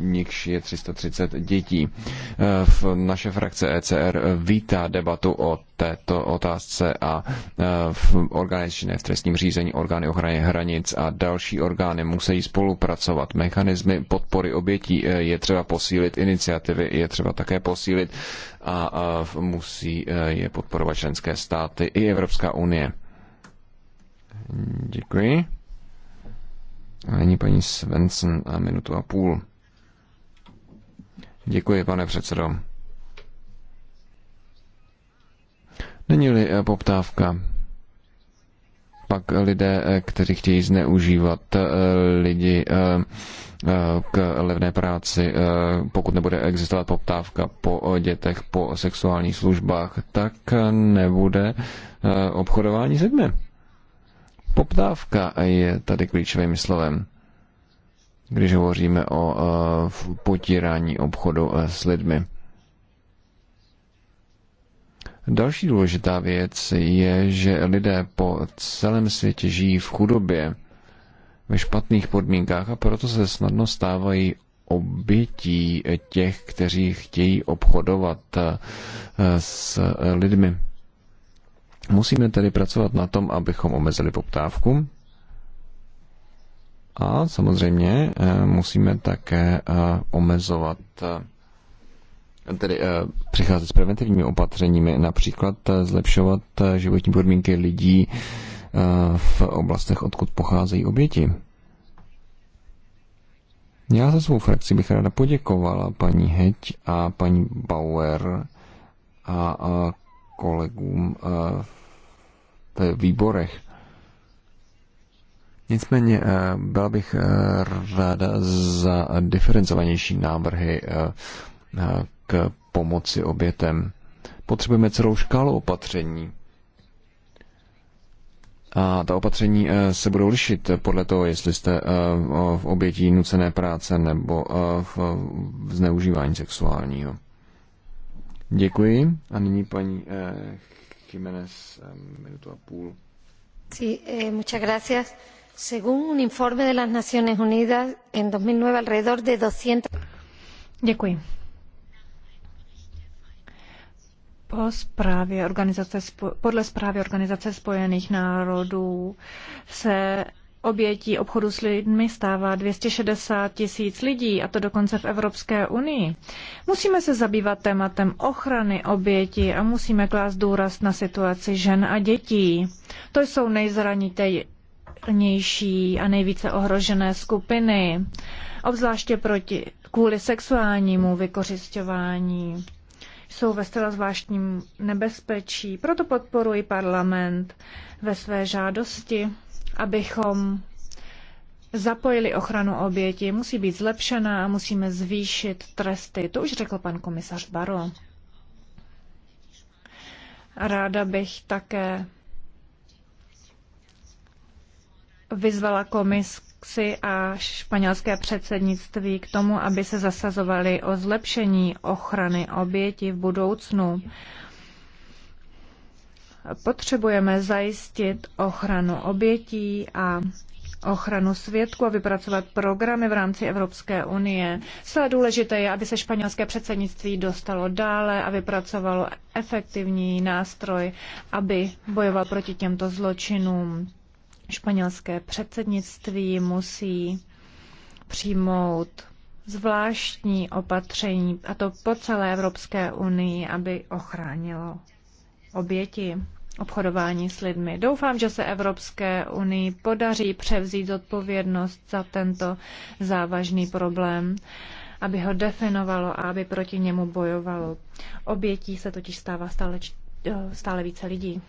nichž je 330 dětí. Eh, v naše frakce ECR vítá debatu o této otázce a eh, v orgány v trestním řízení, orgány ochrany hranic a další orgány musí spolupracovat. Mechanismy podpory obětí je třeba posílit, iniciativy je třeba také posílit a musí eh, je podporovat členské státy i Evropská unie. Děkuji. A nyní paní Svensson a minutu a půl. Děkuji, pane předsedo. Není-li eh, poptávka pak lidé, eh, kteří chtějí zneužívat eh, lidi eh, k levné práci, pokud nebude existovat poptávka po dětech, po sexuálních službách, tak nebude obchodování s lidmi. Poptávka je tady klíčovým slovem, když hovoříme o potírání obchodu s lidmi. Další důležitá věc je, že lidé po celém světě žijí v chudobě, ve špatných podmínkách a proto se snadno stávají obětí těch, kteří chtějí obchodovat eh, s lidmi. Musíme tedy pracovat na tom, abychom omezili poptávku. A samozřejmě eh, musíme také eh, omezovat tedy eh, přicházet s preventivními opatřeními, například eh, zlepšovat eh, životní podmínky lidí v oblastech, odkud pocházejí oběti. Já za svou frakci bych ráda poděkovala paní Heď a paní Bauer a, a kolegům v výborech. Nicméně byla bych ráda za diferencovanější návrhy k pomoci obětem. Potřebujeme celou škálu opatření. A ta opatření eh, se budou lišit podle toho, jestli jste eh, v obětí nucené práce nebo eh, v zneužívání sexuálního. Děkuji. A nyní paní Jiménez, minutu a půl. Sí, eh, muchas gracias. Según un informe de las Naciones Unidas, en 2009 alrededor de 200. Děkuji po zprávě organizace, podle zprávy Organizace spojených národů se obětí obchodu s lidmi stává 260 tisíc lidí, a to dokonce v Evropské unii. Musíme se zabývat tématem ochrany obětí a musíme klást důraz na situaci žen a dětí. To jsou nejzranitelnější a nejvíce ohrožené skupiny, obzvláště proti, kvůli sexuálnímu vykořišťování jsou ve zcela zvláštním nebezpečí. Proto podporuji parlament ve své žádosti, abychom zapojili ochranu oběti. Musí být zlepšena a musíme zvýšit tresty. To už řekl pan komisař Baro. Ráda bych také vyzvala komis praxi a španělské předsednictví k tomu, aby se zasazovali o zlepšení ochrany oběti v budoucnu. Potřebujeme zajistit ochranu obětí a ochranu světku a vypracovat programy v rámci Evropské unie. Celé důležité je, aby se španělské předsednictví dostalo dále a vypracovalo efektivní nástroj, aby bojoval proti těmto zločinům španělské předsednictví musí přijmout zvláštní opatření, a to po celé Evropské unii, aby ochránilo oběti obchodování s lidmi. Doufám, že se Evropské unii podaří převzít odpovědnost za tento závažný problém, aby ho definovalo a aby proti němu bojovalo. Obětí se totiž stává stále, stále více lidí.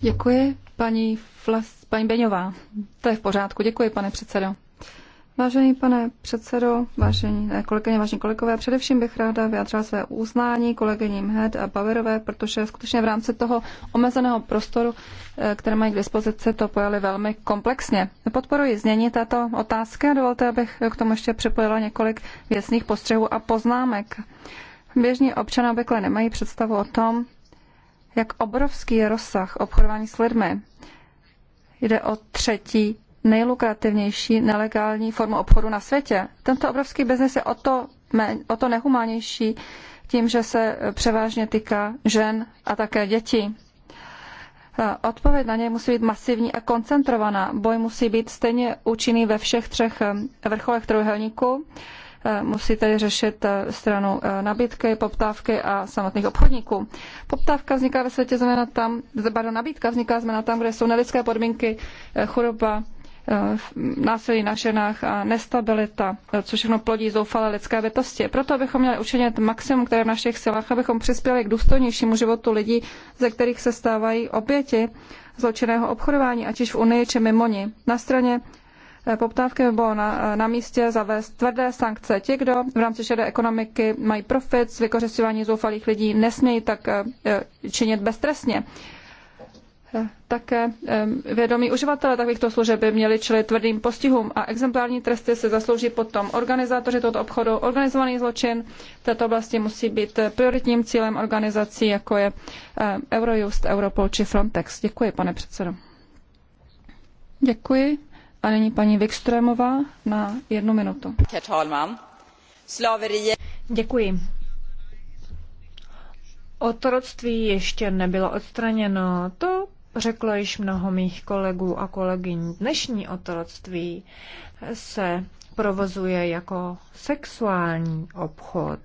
Děkuji, paní, Flas, paní Beňová. To je v pořádku. Děkuji, pane předsedo. Vážený pane předsedo, vážení eh, kolegyně, vážení kolegové, především bych ráda vyjádřila své uznání kolegyním Head a Bavirové, protože skutečně v rámci toho omezeného prostoru, eh, které mají k dispozici, to pojali velmi komplexně. Podporuji znění této otázky a dovolte, abych k tomu ještě připojila několik věcných postřehů a poznámek. Běžní občané obvykle nemají představu o tom, jak obrovský je rozsah obchodování s lidmi. Jde o třetí nejlukrativnější nelegální formu obchodu na světě. Tento obrovský biznis je o to, o to nehumánější tím, že se převážně týká žen a také dětí. Odpověď na něj musí být masivní a koncentrovaná. Boj musí být stejně účinný ve všech třech vrcholech trojuhelníku. Eh, musí tedy řešit eh, stranu eh, nabídky, poptávky a samotných obchodníků. Poptávka vzniká ve světě znamená tam, pardon, nabídka vzniká znamená tam, kde jsou nelidské podmínky, choroba násilí na ženách a nestabilita, což všechno plodí zoufalé lidské bytosti. Proto bychom měli učinit maximum, které v našich silách, abychom přispěli k důstojnějšímu životu lidí, ze kterých se stávají oběti zločinného obchodování, ať už v Unii či mimo ní. Na straně poptávky by bylo na, na místě zavést tvrdé sankce. Ti, kdo v rámci šedé ekonomiky mají profit z vykořišťování zoufalých lidí, nesmějí tak eh, eh, činit beztrestně. Eh, také vědomí uživatelé takovýchto služeb by měli čelit tvrdým postihům a exemplární tresty se zaslouží potom organizátoři tohoto obchodu. Organizovaný zločin v této oblasti musí být prioritním cílem organizací, jako je Eurojust, Europol či Frontex. Děkuji, pane předsedo. Děkuji. A nyní paní Vikströmová na jednu minutu. Děkuji. Otroctví ještě nebylo odstraněno, to řeklo již mnoho mých kolegů a kolegyň. Dnešní otroctví se provozuje jako sexuální obchod.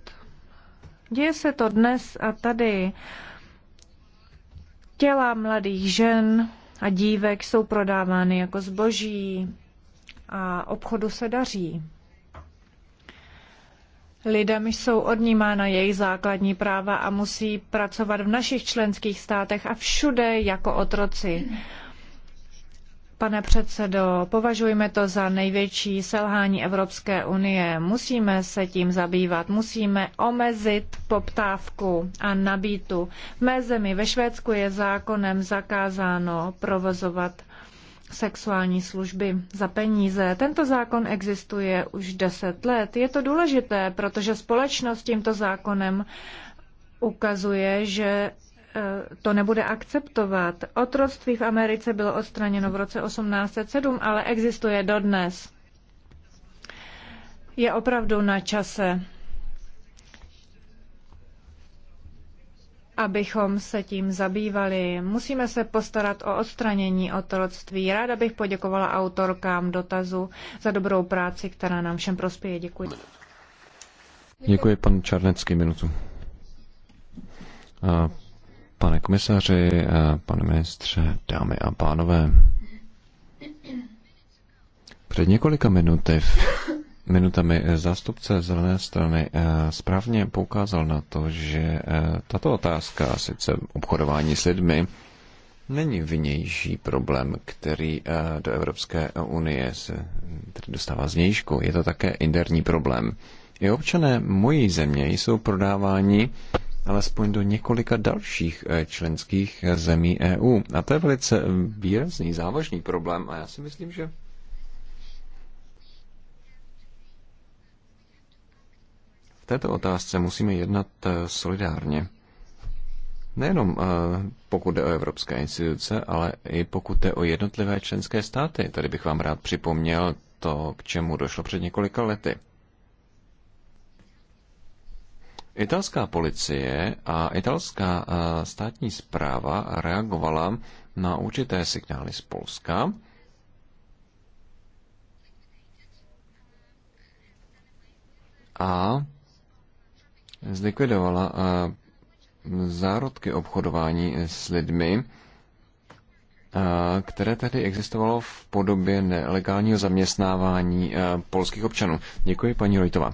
Děje se to dnes a tady. Těla mladých žen a dívek jsou prodávány jako zboží a obchodu se daří. Lidem jsou odnímána jejich základní práva a musí pracovat v našich členských státech a všude jako otroci. Pane předsedo, považujeme to za největší selhání Evropské unie. Musíme se tím zabývat, musíme omezit poptávku a nabítu. V mé zemi ve Švédsku je zákonem zakázáno provozovat sexuální služby za peníze. Tento zákon existuje už deset let. Je to důležité, protože společnost tímto zákonem ukazuje, že Eh, to nebude akceptovat. Otroctví v Americe bylo odstraněno v roce 1807, ale existuje dodnes. Je opravdu na čase, abychom se tím zabývali. Musíme se postarat o odstranění otroctví. Ráda bych poděkovala autorkám dotazu za dobrou práci, která nám všem prospěje. Děkuji. Děkuji pan Čarnecký minutu. A Pane komisaři, eh, pane ministře, dámy a pánové, před několika minuty, minutami eh, zástupce zelené strany eh, správně poukázal na to, že tato otázka, sice obchodování s lidmi, není vnější problém, který do Evropské unie se dostává z nějšku. Je to také interní problém. I občané mojí země jsou prodáváni alespoň do několika dalších eh, členských eh, zemí EU. A to je velice eh, výrazný, závažný problém a já si myslím, že v této otázce musíme jednat solidárně. Nejenom pokud jde o evropské instituce, ale i pokud jde o jednotlivé členské státy. Tady bych vám rád připomněl to, k čemu došlo před několika lety. Italská policie a italská eh, státní zpráva reagovala na určité signály z Polska. A zlikvidovala eh, zárodky obchodování s lidmi, eh, které tady existovalo v podobě nelegálního zaměstnávání polských občanů. Děkuji, paní Rojtová.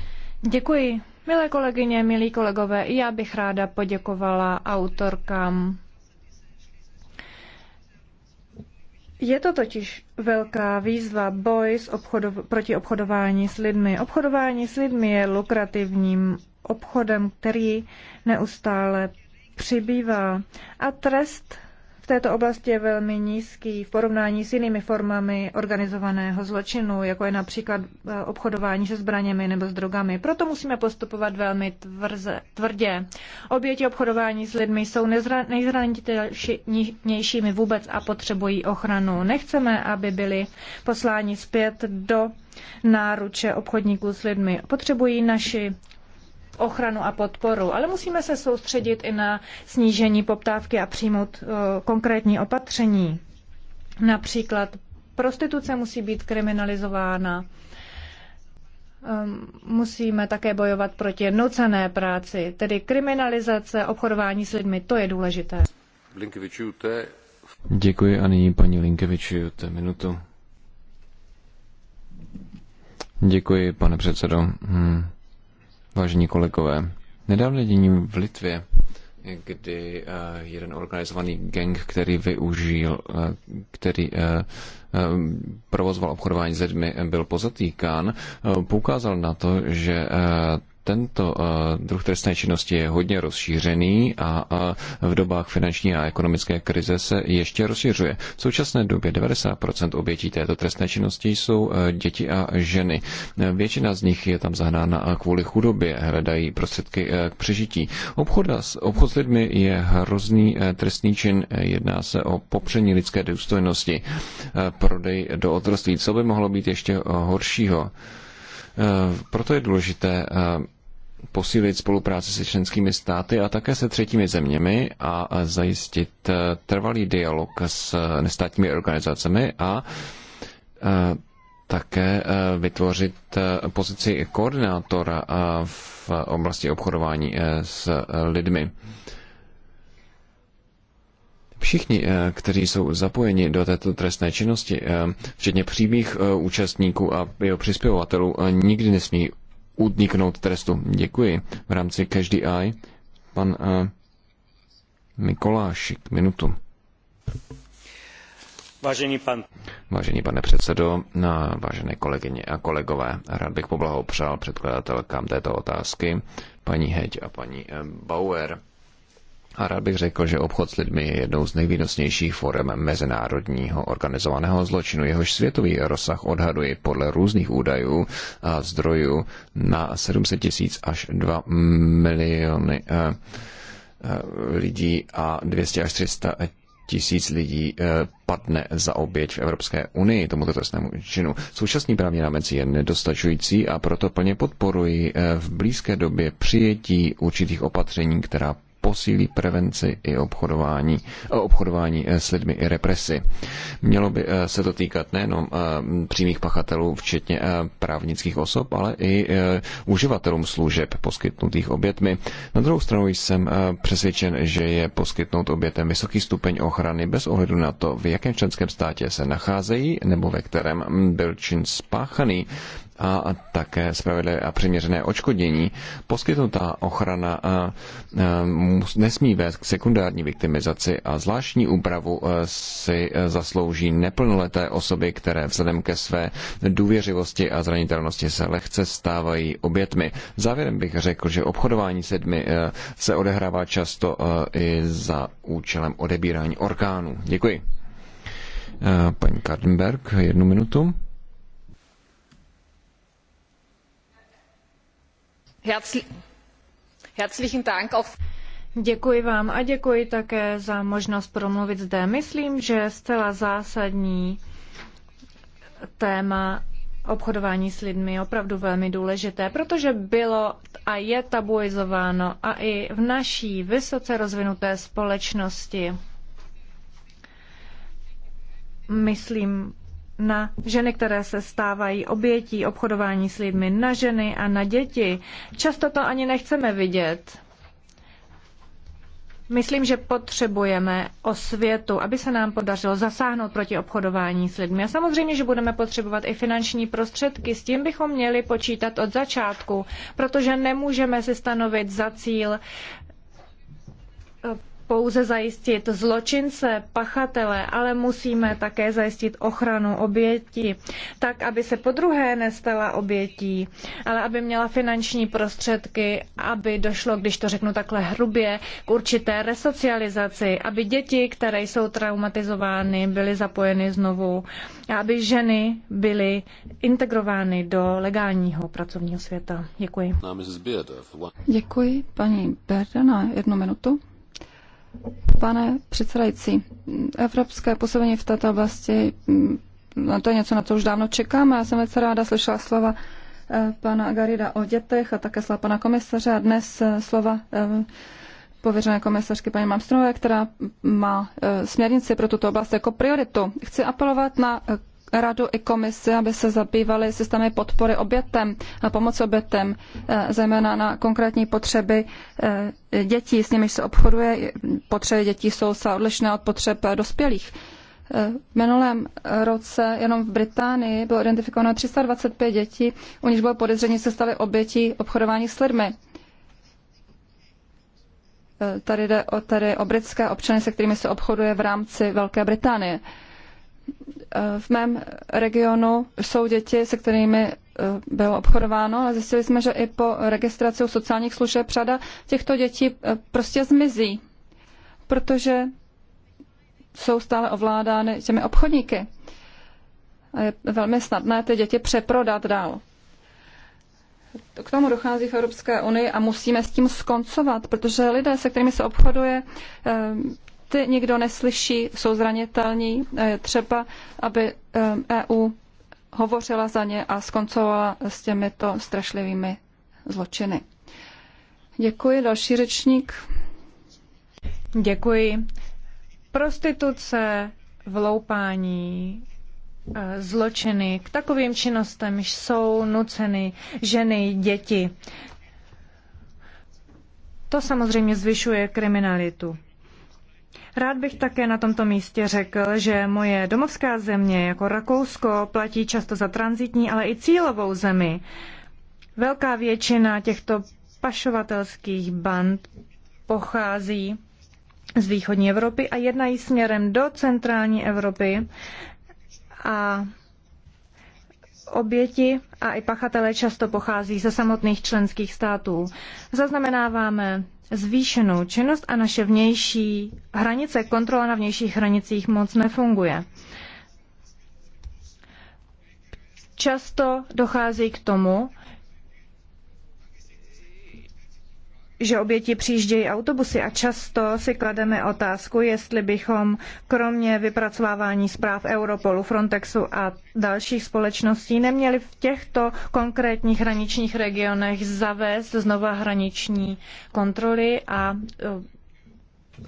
Děkuji. Milé kolegyně, milí kolegové, já bych ráda poděkovala autorkám. Je to totiž velká výzva boj s obchodov- proti obchodování s lidmi. Obchodování s lidmi je lukrativním obchodem, který neustále přibývá. A trest této oblasti je velmi nízký v porovnání s jinými formami organizovaného zločinu, jako je například eh, obchodování se zbraněmi nebo s drogami. Proto musíme postupovat velmi tvrze, tvrdě. Oběti obchodování s lidmi jsou nejzranitelnějšími vůbec a potřebují ochranu. Nechceme, aby byli posláni zpět do náruče obchodníků s lidmi. Potřebují naši ochranu a podporu, ale musíme se soustředit i na snížení poptávky a přijmout eh, konkrétní opatření. Například prostituce musí být kriminalizována. Ehm, musíme také bojovat proti nucené práci, tedy kriminalizace obchodování s lidmi, to je důležité. Děkuji a nyní paní Linkevičůte minutu. Děkuji, pane předsedo. Hmm vážení kolegové. Nedávné dění v Litvě, kdy eh, jeden organizovaný gang, který využil, eh, který eh, provozoval obchodování s lidmi, byl pozatýkán, poukázal na to, že tento eh, druh trestné činnosti je hodně rozšířený a v dobách finanční a ekonomické krize se ještě rozšiřuje. V současné době 90% obětí této trestné činnosti jsou eh, děti a ženy. Většina z nich je tam zahnána kvůli chudobě, hledají prostředky eh, k přežití. S, obchod s lidmi je hrozný trestný čin, jedná se o popření lidské důstojnosti, prodej do otroství. Co by mohlo být ještě horšího? Proto je důležité posílit spolupráci se členskými státy a také se třetími zeměmi a zajistit eh, trvalý dialog s nestátními organizacemi a eh, také eh, vytvořit pozici koordinátora v oblasti obchodování s lidmi. Všichni, kteří jsou zapojeni do této trestné činnosti, včetně přímých účastníků a jeho přispěvatelů, nikdy nesmí uniknout trestu. Děkuji. V rámci Každý aj. pan uh, Mikolášik, minutu. Vážený, pan. Vážený pane předsedo, vážené kolegyně a kolegové, rád bych poblahopřál předkladatelkám této otázky, paní Heď a paní eh, Bauer. A rád bych řekl, že obchod s lidmi je jednou z nejvýnosnějších forem mezinárodního organizovaného zločinu. Jehož světový rozsah odhaduje podle různých údajů a zdrojů na 700 tisíc až 2 miliony eh, eh, lidí a 200 až 300 tisíc lidí eh, padne za oběť v Evropské unii tomuto trestnému činu. Současný právní rámec je nedostačující a proto plně podporuji v blízké době přijetí určitých opatření, která posílí prevenci i obchodování, eh, obchodování eh, s lidmi i represi. Mělo by eh, se to týkat nejenom přímých pachatelů, včetně právnických osob, ale i uživatelům služeb poskytnutých obětmi. Na druhou stranu jsem přesvědčen, že je poskytnout obětem vysoký stupeň ochrany bez ohledu na to, v jakém členském státě se nacházejí nebo ve kterém hm, byl čin spáchaný a také spravedlivé a přiměřené očkodnění. Poskytnutá ochrana nesmí vést k sekundární viktimizaci a zvláštní úpravu si zaslouží neplnoleté osoby, které vzhledem ke své důvěřivosti a zranitelnosti se lehce stávají obětmi. Závěrem bych řekl, že obchodování sedmi se odehrává často i za účelem odebírání orgánů. Děkuji. Paní Kardenberg, jednu minutu. Děkuji vám a děkuji také za možnost promluvit zde. Myslím, že zcela zásadní téma obchodování s lidmi je opravdu velmi důležité, protože bylo a je tabuizováno a i v naší vysoce rozvinuté společnosti. Myslím na ženy, které se stávají obětí obchodování s lidmi, na ženy a na děti. Často to ani nechceme vidět. Myslím, že potřebujeme osvětu, aby se nám podařilo zasáhnout proti obchodování s lidmi. A samozřejmě, že budeme potřebovat i finanční prostředky. S tím bychom měli počítat od začátku, protože nemůžeme si stanovit za cíl pouze zajistit zločince, pachatele, ale musíme také zajistit ochranu oběti, tak aby se podruhé nestala obětí, ale aby měla finanční prostředky, aby došlo, když to řeknu takhle hrubě, k určité resocializaci, aby děti, které jsou traumatizovány, byly zapojeny znovu a aby ženy byly integrovány do legálního pracovního světa. Děkuji. Děkuji paní Berda na jednu minutu. Pane předsedající, evropské působení v této oblasti, mm, to je něco, na co už dávno čekáme. Já jsem velice ráda slyšela slova eh, pana Garida o dětech a také slova pana komisaře a dnes eh, slova eh, pověřené komisařky paní Mamstrové, která má směrnici pro tuto oblast jako prioritu. Chci apelovat na radu i komisi, aby se zabývaly systémy podpory obětem a pomoc obětem, eh, zejména na konkrétní potřeby eh, dětí, s nimiž se obchoduje. Potřeby dětí jsou se odlišné od potřeb dospělých. Eh, v minulém roce jenom v Británii bylo identifikováno 325 dětí, u nichž bylo podezření, se staly obětí obchodování s lidmi. Tady jde o, tady o britské občany, se kterými se obchoduje v rámci Velké Británie. Eh, v mém regionu jsou děti, se kterými eh, bylo obchodováno, ale zjistili jsme, že i po registraci u sociálních služeb řada těchto dětí eh, prostě zmizí, protože jsou stále ovládány těmi obchodníky. A je velmi snadné ty děti přeprodat dál. K tomu dochází v Evropské unii a musíme s tím skoncovat, protože lidé, se kterými se obchoduje, ty nikdo neslyší, jsou zranitelní, je eh, třeba, aby EU eh, e hovořila za ně a skoncovala s těmito strašlivými zločiny. Děkuji, další řečník. Děkuji. Prostituce, vloupání, eh, zločiny, k takovým činnostem jsou nuceny ženy, děti. To samozřejmě zvyšuje kriminalitu. Rád bych také na tomto místě řekl, že moje domovská země jako Rakousko platí často za transitní, ale i cílovou zemi. Velká většina těchto pašovatelských band pochází z východní Evropy a jednají směrem do centrální Evropy a oběti a i pachatelé často pochází ze samotných členských států. Zaznamenáváme zvýšenou činnost a naše vnější hranice, kontrola na vnějších hranicích moc nefunguje. Často dochází k tomu, že oběti přijíždějí autobusy a často si klademe otázku, jestli bychom kromě vypracovávání zpráv Europolu, Frontexu a dalších společností neměli v těchto konkrétních hraničních regionech zavést znova hraniční kontroly a e,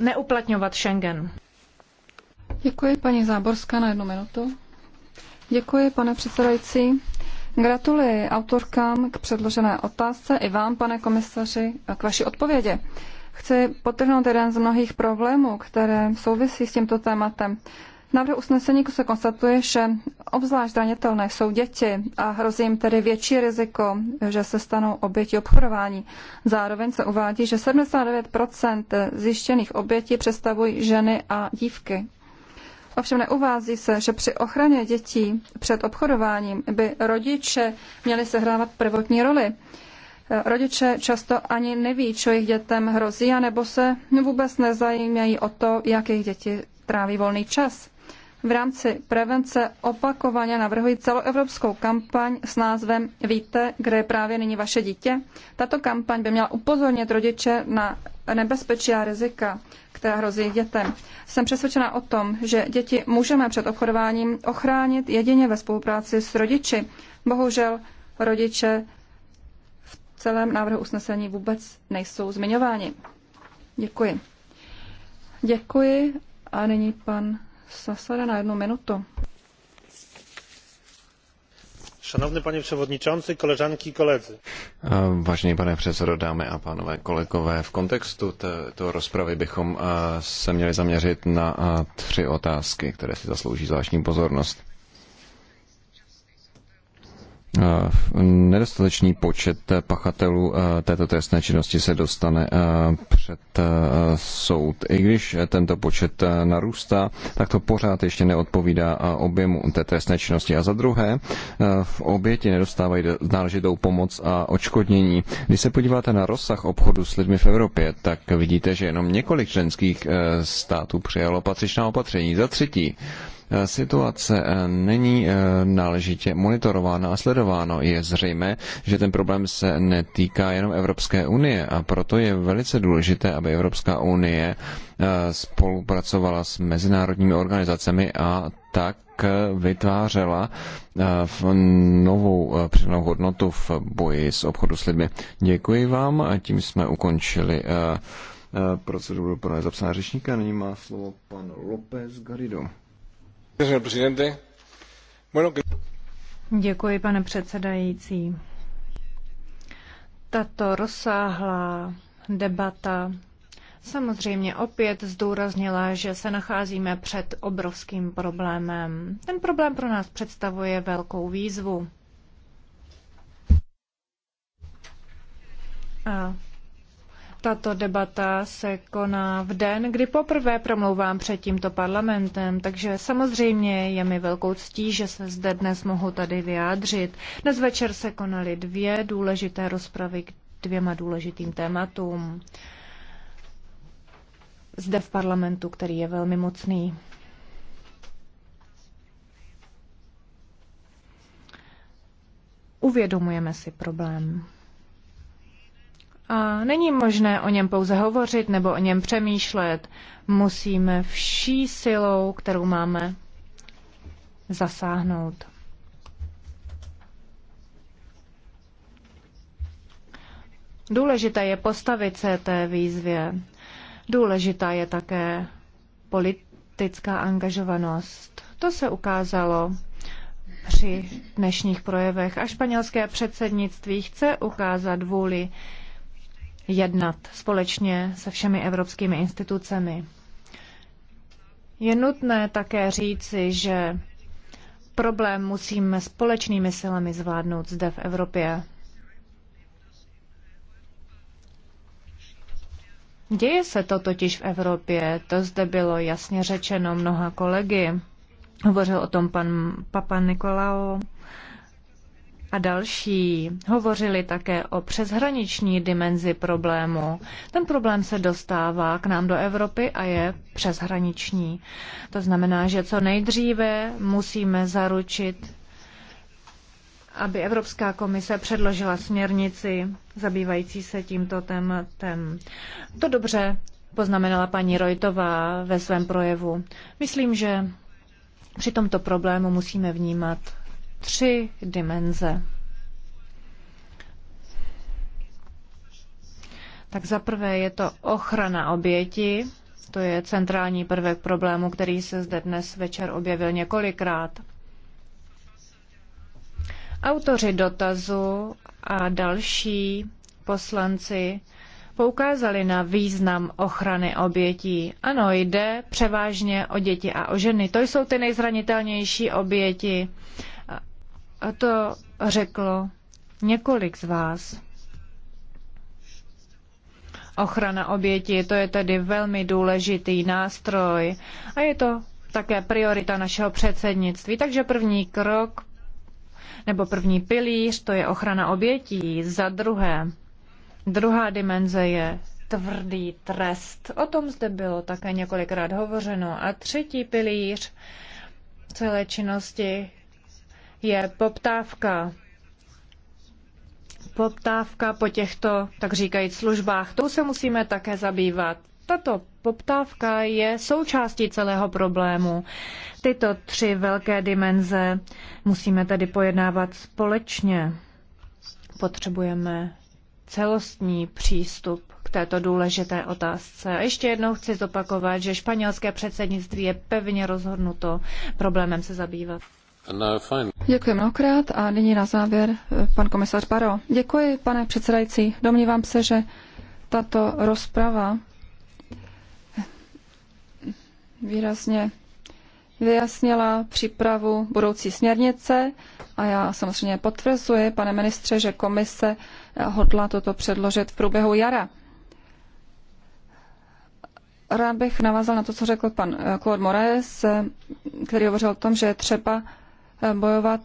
neuplatňovat Schengen. Děkuji paní Záborská na jednu minutu. Děkuji, pane předsedající. Gratuluji autorkám k předložené otázce i vám, pane komisaři, k vaší odpovědi. Chci potrhnout jeden z mnohých problémů, které souvisí s tímto tématem. V návrhu usnesení se konstatuje, že obzvlášť zranitelné jsou děti a hrozí jim tedy větší riziko, že se stanou oběti obchodování. Zároveň se uvádí, že 79 zjištěných obětí představují ženy a dívky. Ovšem neuvází se, že při ochraně dětí před obchodováním by rodiče měli sehrávat prvotní roli. Rodiče často ani neví, co jejich dětem hrozí, anebo se vůbec nezajímají o to, jak jejich děti tráví volný čas v rámci prevence opakovaně navrhují celoevropskou kampaň s názvem Víte, kde je právě nyní vaše dítě? Tato kampaň by měla upozornit rodiče na nebezpečí a rizika, která hrozí dětem. Jsem přesvědčena o tom, že děti můžeme před obchodováním ochránit jedině ve spolupráci s rodiči. Bohužel rodiče v celém návrhu usnesení vůbec nejsou zmiňováni. Děkuji. Děkuji a nyní pan Sasada na jednu minutu. Szanowny panie przewodniczący, koleżanki i koledzy. Vážený pane předsedo, dámy a pánové, kolegové, v kontextu této rozpravy bychom se měli zaměřit na tři otázky, které si zaslouží zvláštní pozornost. Eh, nedostatečný počet pachatelů eh, této trestné činnosti se dostane eh, před soud. I když tento počet narůstá, tak to pořád ještě neodpovídá objemu té trestné činnosti. A za druhé, v oběti nedostávají náležitou pomoc a očkodnění. Když se podíváte na rozsah obchodu s lidmi v Evropě, tak vidíte, že jenom několik členských států přijalo patřičná opatření. Za třetí, Eh, situace eh, není eh, náležitě monitorována a sledováno, je zřejmé, že ten problém se netýká jenom Evropské unie a proto je velice důležité, aby Evropská unie spolupracovala s mezinárodními organizacemi a tak vytvářela v novou přidanou hodnotu v boji s obchodu s lidmi. Děkuji vám a tím jsme ukončili proceduru pro nezapsaná řečníka. Nyní má slovo pan López Garido. Děkuji, pane předsedající. Tato rozsáhlá debata samozřejmě opět zdůraznila, že se nacházíme před obrovským problémem. Ten problém pro nás představuje velkou výzvu. A tato debata se koná v den, kdy poprvé promlouvám před tímto parlamentem, takže samozřejmě je mi velkou ctí, že se zde dnes mohu tady vyjádřit. Dnes večer se konaly dvě důležité rozpravy k dvěma důležitým tématům zde v parlamentu, který je velmi mocný. Uvědomujeme si problém. A není možné o něm pouze hovořit nebo o něm přemýšlet. Musíme vší silou, kterou máme, zasáhnout. Důležité je postavit se té výzvě. Důležitá je také politická angažovanost. To se ukázalo při dnešních projevech a španělské předsednictví chce ukázat vůli jednat společně se všemi evropskými institucemi. Je nutné také říci, že problém musíme společnými silami zvládnout zde v Evropě. Děje se to totiž v Evropě, to zde bylo jasně řečeno mnoha kolegy. Hovořil o tom pan Papa Nikolao a další hovořili také o přeshraniční dimenzi problému. Ten problém se dostává k nám do Evropy a je přeshraniční. To znamená, že co nejdříve musíme zaručit, aby Evropská komise předložila směrnici zabývající se tímto tématem. To dobře poznamenala paní Rojtová ve svém projevu. Myslím, že při tomto problému musíme vnímat tři dimenze. Tak zaprvé je to ochrana oběti, to je centrální prvek problému, který se zde dnes večer objevil několikrát. Autoři dotazu a další poslanci poukázali na význam ochrany obětí. Ano, jde převážně o děti a o ženy. To jsou ty nejzranitelnější oběti a to řeklo několik z vás. Ochrana oběti, to je tedy velmi důležitý nástroj a je to také priorita našeho předsednictví. Takže první krok nebo první pilíř, to je ochrana obětí. Za druhé, druhá dimenze je tvrdý trest. O tom zde bylo také několikrát hovořeno. A třetí pilíř celé činnosti, je poptávka poptávka po těchto, tak říkají, službách. Tou se musíme také zabývat. Tato poptávka je součástí celého problému. Tyto tři velké dimenze musíme tedy pojednávat společně. Potřebujeme celostní přístup k této důležité otázce. A ještě jednou chci zopakovat, že španělské předsednictví je pevně rozhodnuto problémem se zabývat. Děkuji mnohokrát a nyní na závěr eh, pan komisař Baro. Děkuji, pane předsedající. Domnívám se, že tato rozprava výrazně vyjasnila přípravu budoucí směrnice a já samozřejmě potvrzuji, pane ministře, že komise hodla toto předložit v průběhu jara. Rád bych navázal na to, co řekl pan eh, Claude Moraes, eh, který hovořil o tom, že je třeba bojovat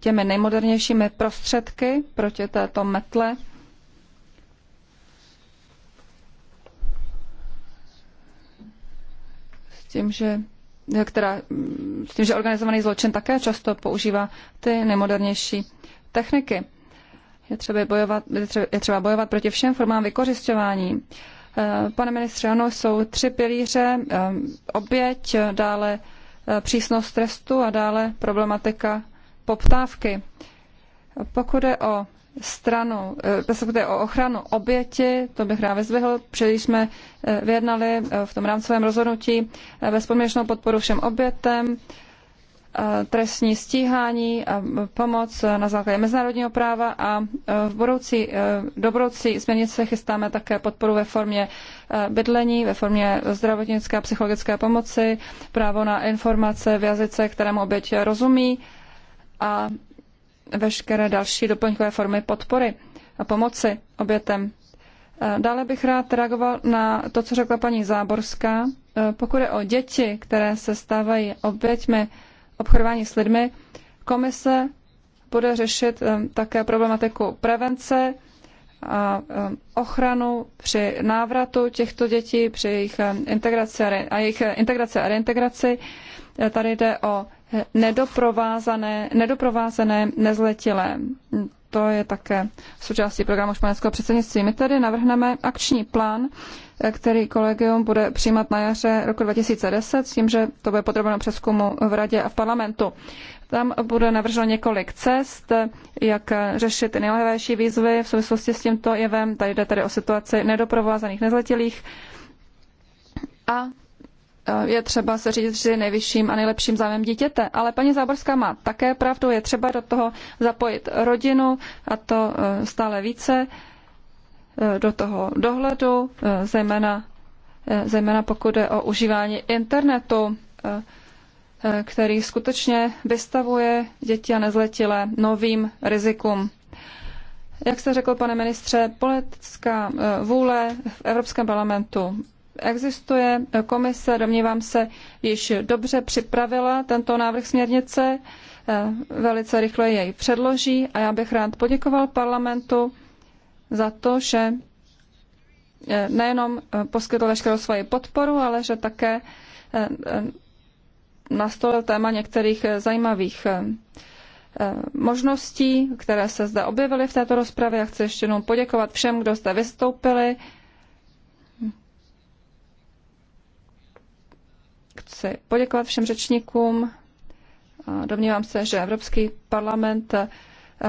těmi nejmodernějšími prostředky proti této metle. S tím, že která, s tím, že organizovaný zločin také často používá ty nejmodernější techniky. Je třeba bojovat, je třeba bojovat proti všem formám vykořišťování. Eh, pane ministře, ano, jsou tři pilíře, eh, oběť, dále Eh, přísnost trestu a dále problematika poptávky. Pokud je o stranu, eh, pokud je o ochranu oběti, to bych rád vyzvihl, protože jsme eh, vyjednali v tom rámcovém rozhodnutí bezpoměrnou podporu všem obětem, Eh, trestní stíhání a pomoc na základě mezinárodního práva a eh, v budoucí, eh, do budoucí směrnice chystáme také podporu ve formě bydlení, ve formě zdravotnické a psychologické pomoci, právo na informace v jazyce, kterému oběť rozumí a veškeré další doplňkové formy podpory a pomoci obětem. Dále bych rád reagoval na to, co řekla paní Záborská. Pokud je o děti, které se stávají oběťmi obchodování s lidmi. Komise bude řešit eh, také problematiku prevence a eh, ochranu při návratu těchto dětí, při jejich eh, integraci a jejich integraci a reintegraci. Tady jde o nedoprovázané, nedoprovázené nezletilé. To je také součástí programu španělského předsednictví. My tady navrhneme akční plán, který kolegium bude přijímat na jaře roku 2010 s tím, že to bude podrobeno přeskumu v radě a v parlamentu. Tam bude navrženo několik cest, jak řešit ty nejlehlejší výzvy v souvislosti s tímto jevem. Tady jde tady o situaci nedoprovázaných nezletilých a Eh, je třeba se že je nejvyšším a nejlepším zájmem dítěte. Ale paní Záborská má také pravdu, je třeba do toho zapojit rodinu a to eh, stále více eh, do toho dohledu, zejména, zejména pokud je o užívání internetu, který skutečně vystavuje děti a nezletilé novým rizikům. Jak jste řekl, pane ministře, politická vůle v Evropském parlamentu existuje. Komise, domnívám se, již dobře připravila tento návrh směrnice, eh, velice rychle jej předloží a já bych rád poděkoval parlamentu za to, že eh, nejenom eh, poskytl veškerou svoji podporu, ale že také nastolil téma některých zajímavých možností, které se zde objevily v této rozpravě. Já chci ještě jednou poděkovat všem, kdo zde vystoupili chci poděkovat všem řečníkům. Domnívám se, že Evropský parlament eh,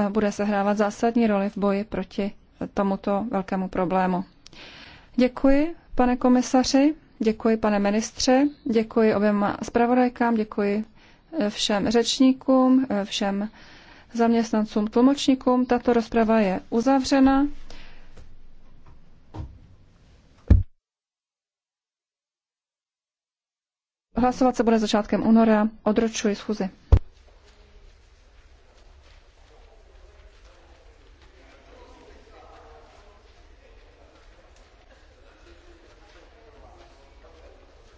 bude sehrávat zásadní roli v boji proti tomuto velkému problému. Děkuji, pane komisaři, děkuji, pane ministře, děkuji oběma zpravodajkám, děkuji eh, všem řečníkům, eh, všem zaměstnancům, tlumočníkům. Tato rozprava je uzavřena. Hlasovat se bude začátkem února. Odročuji schůzi.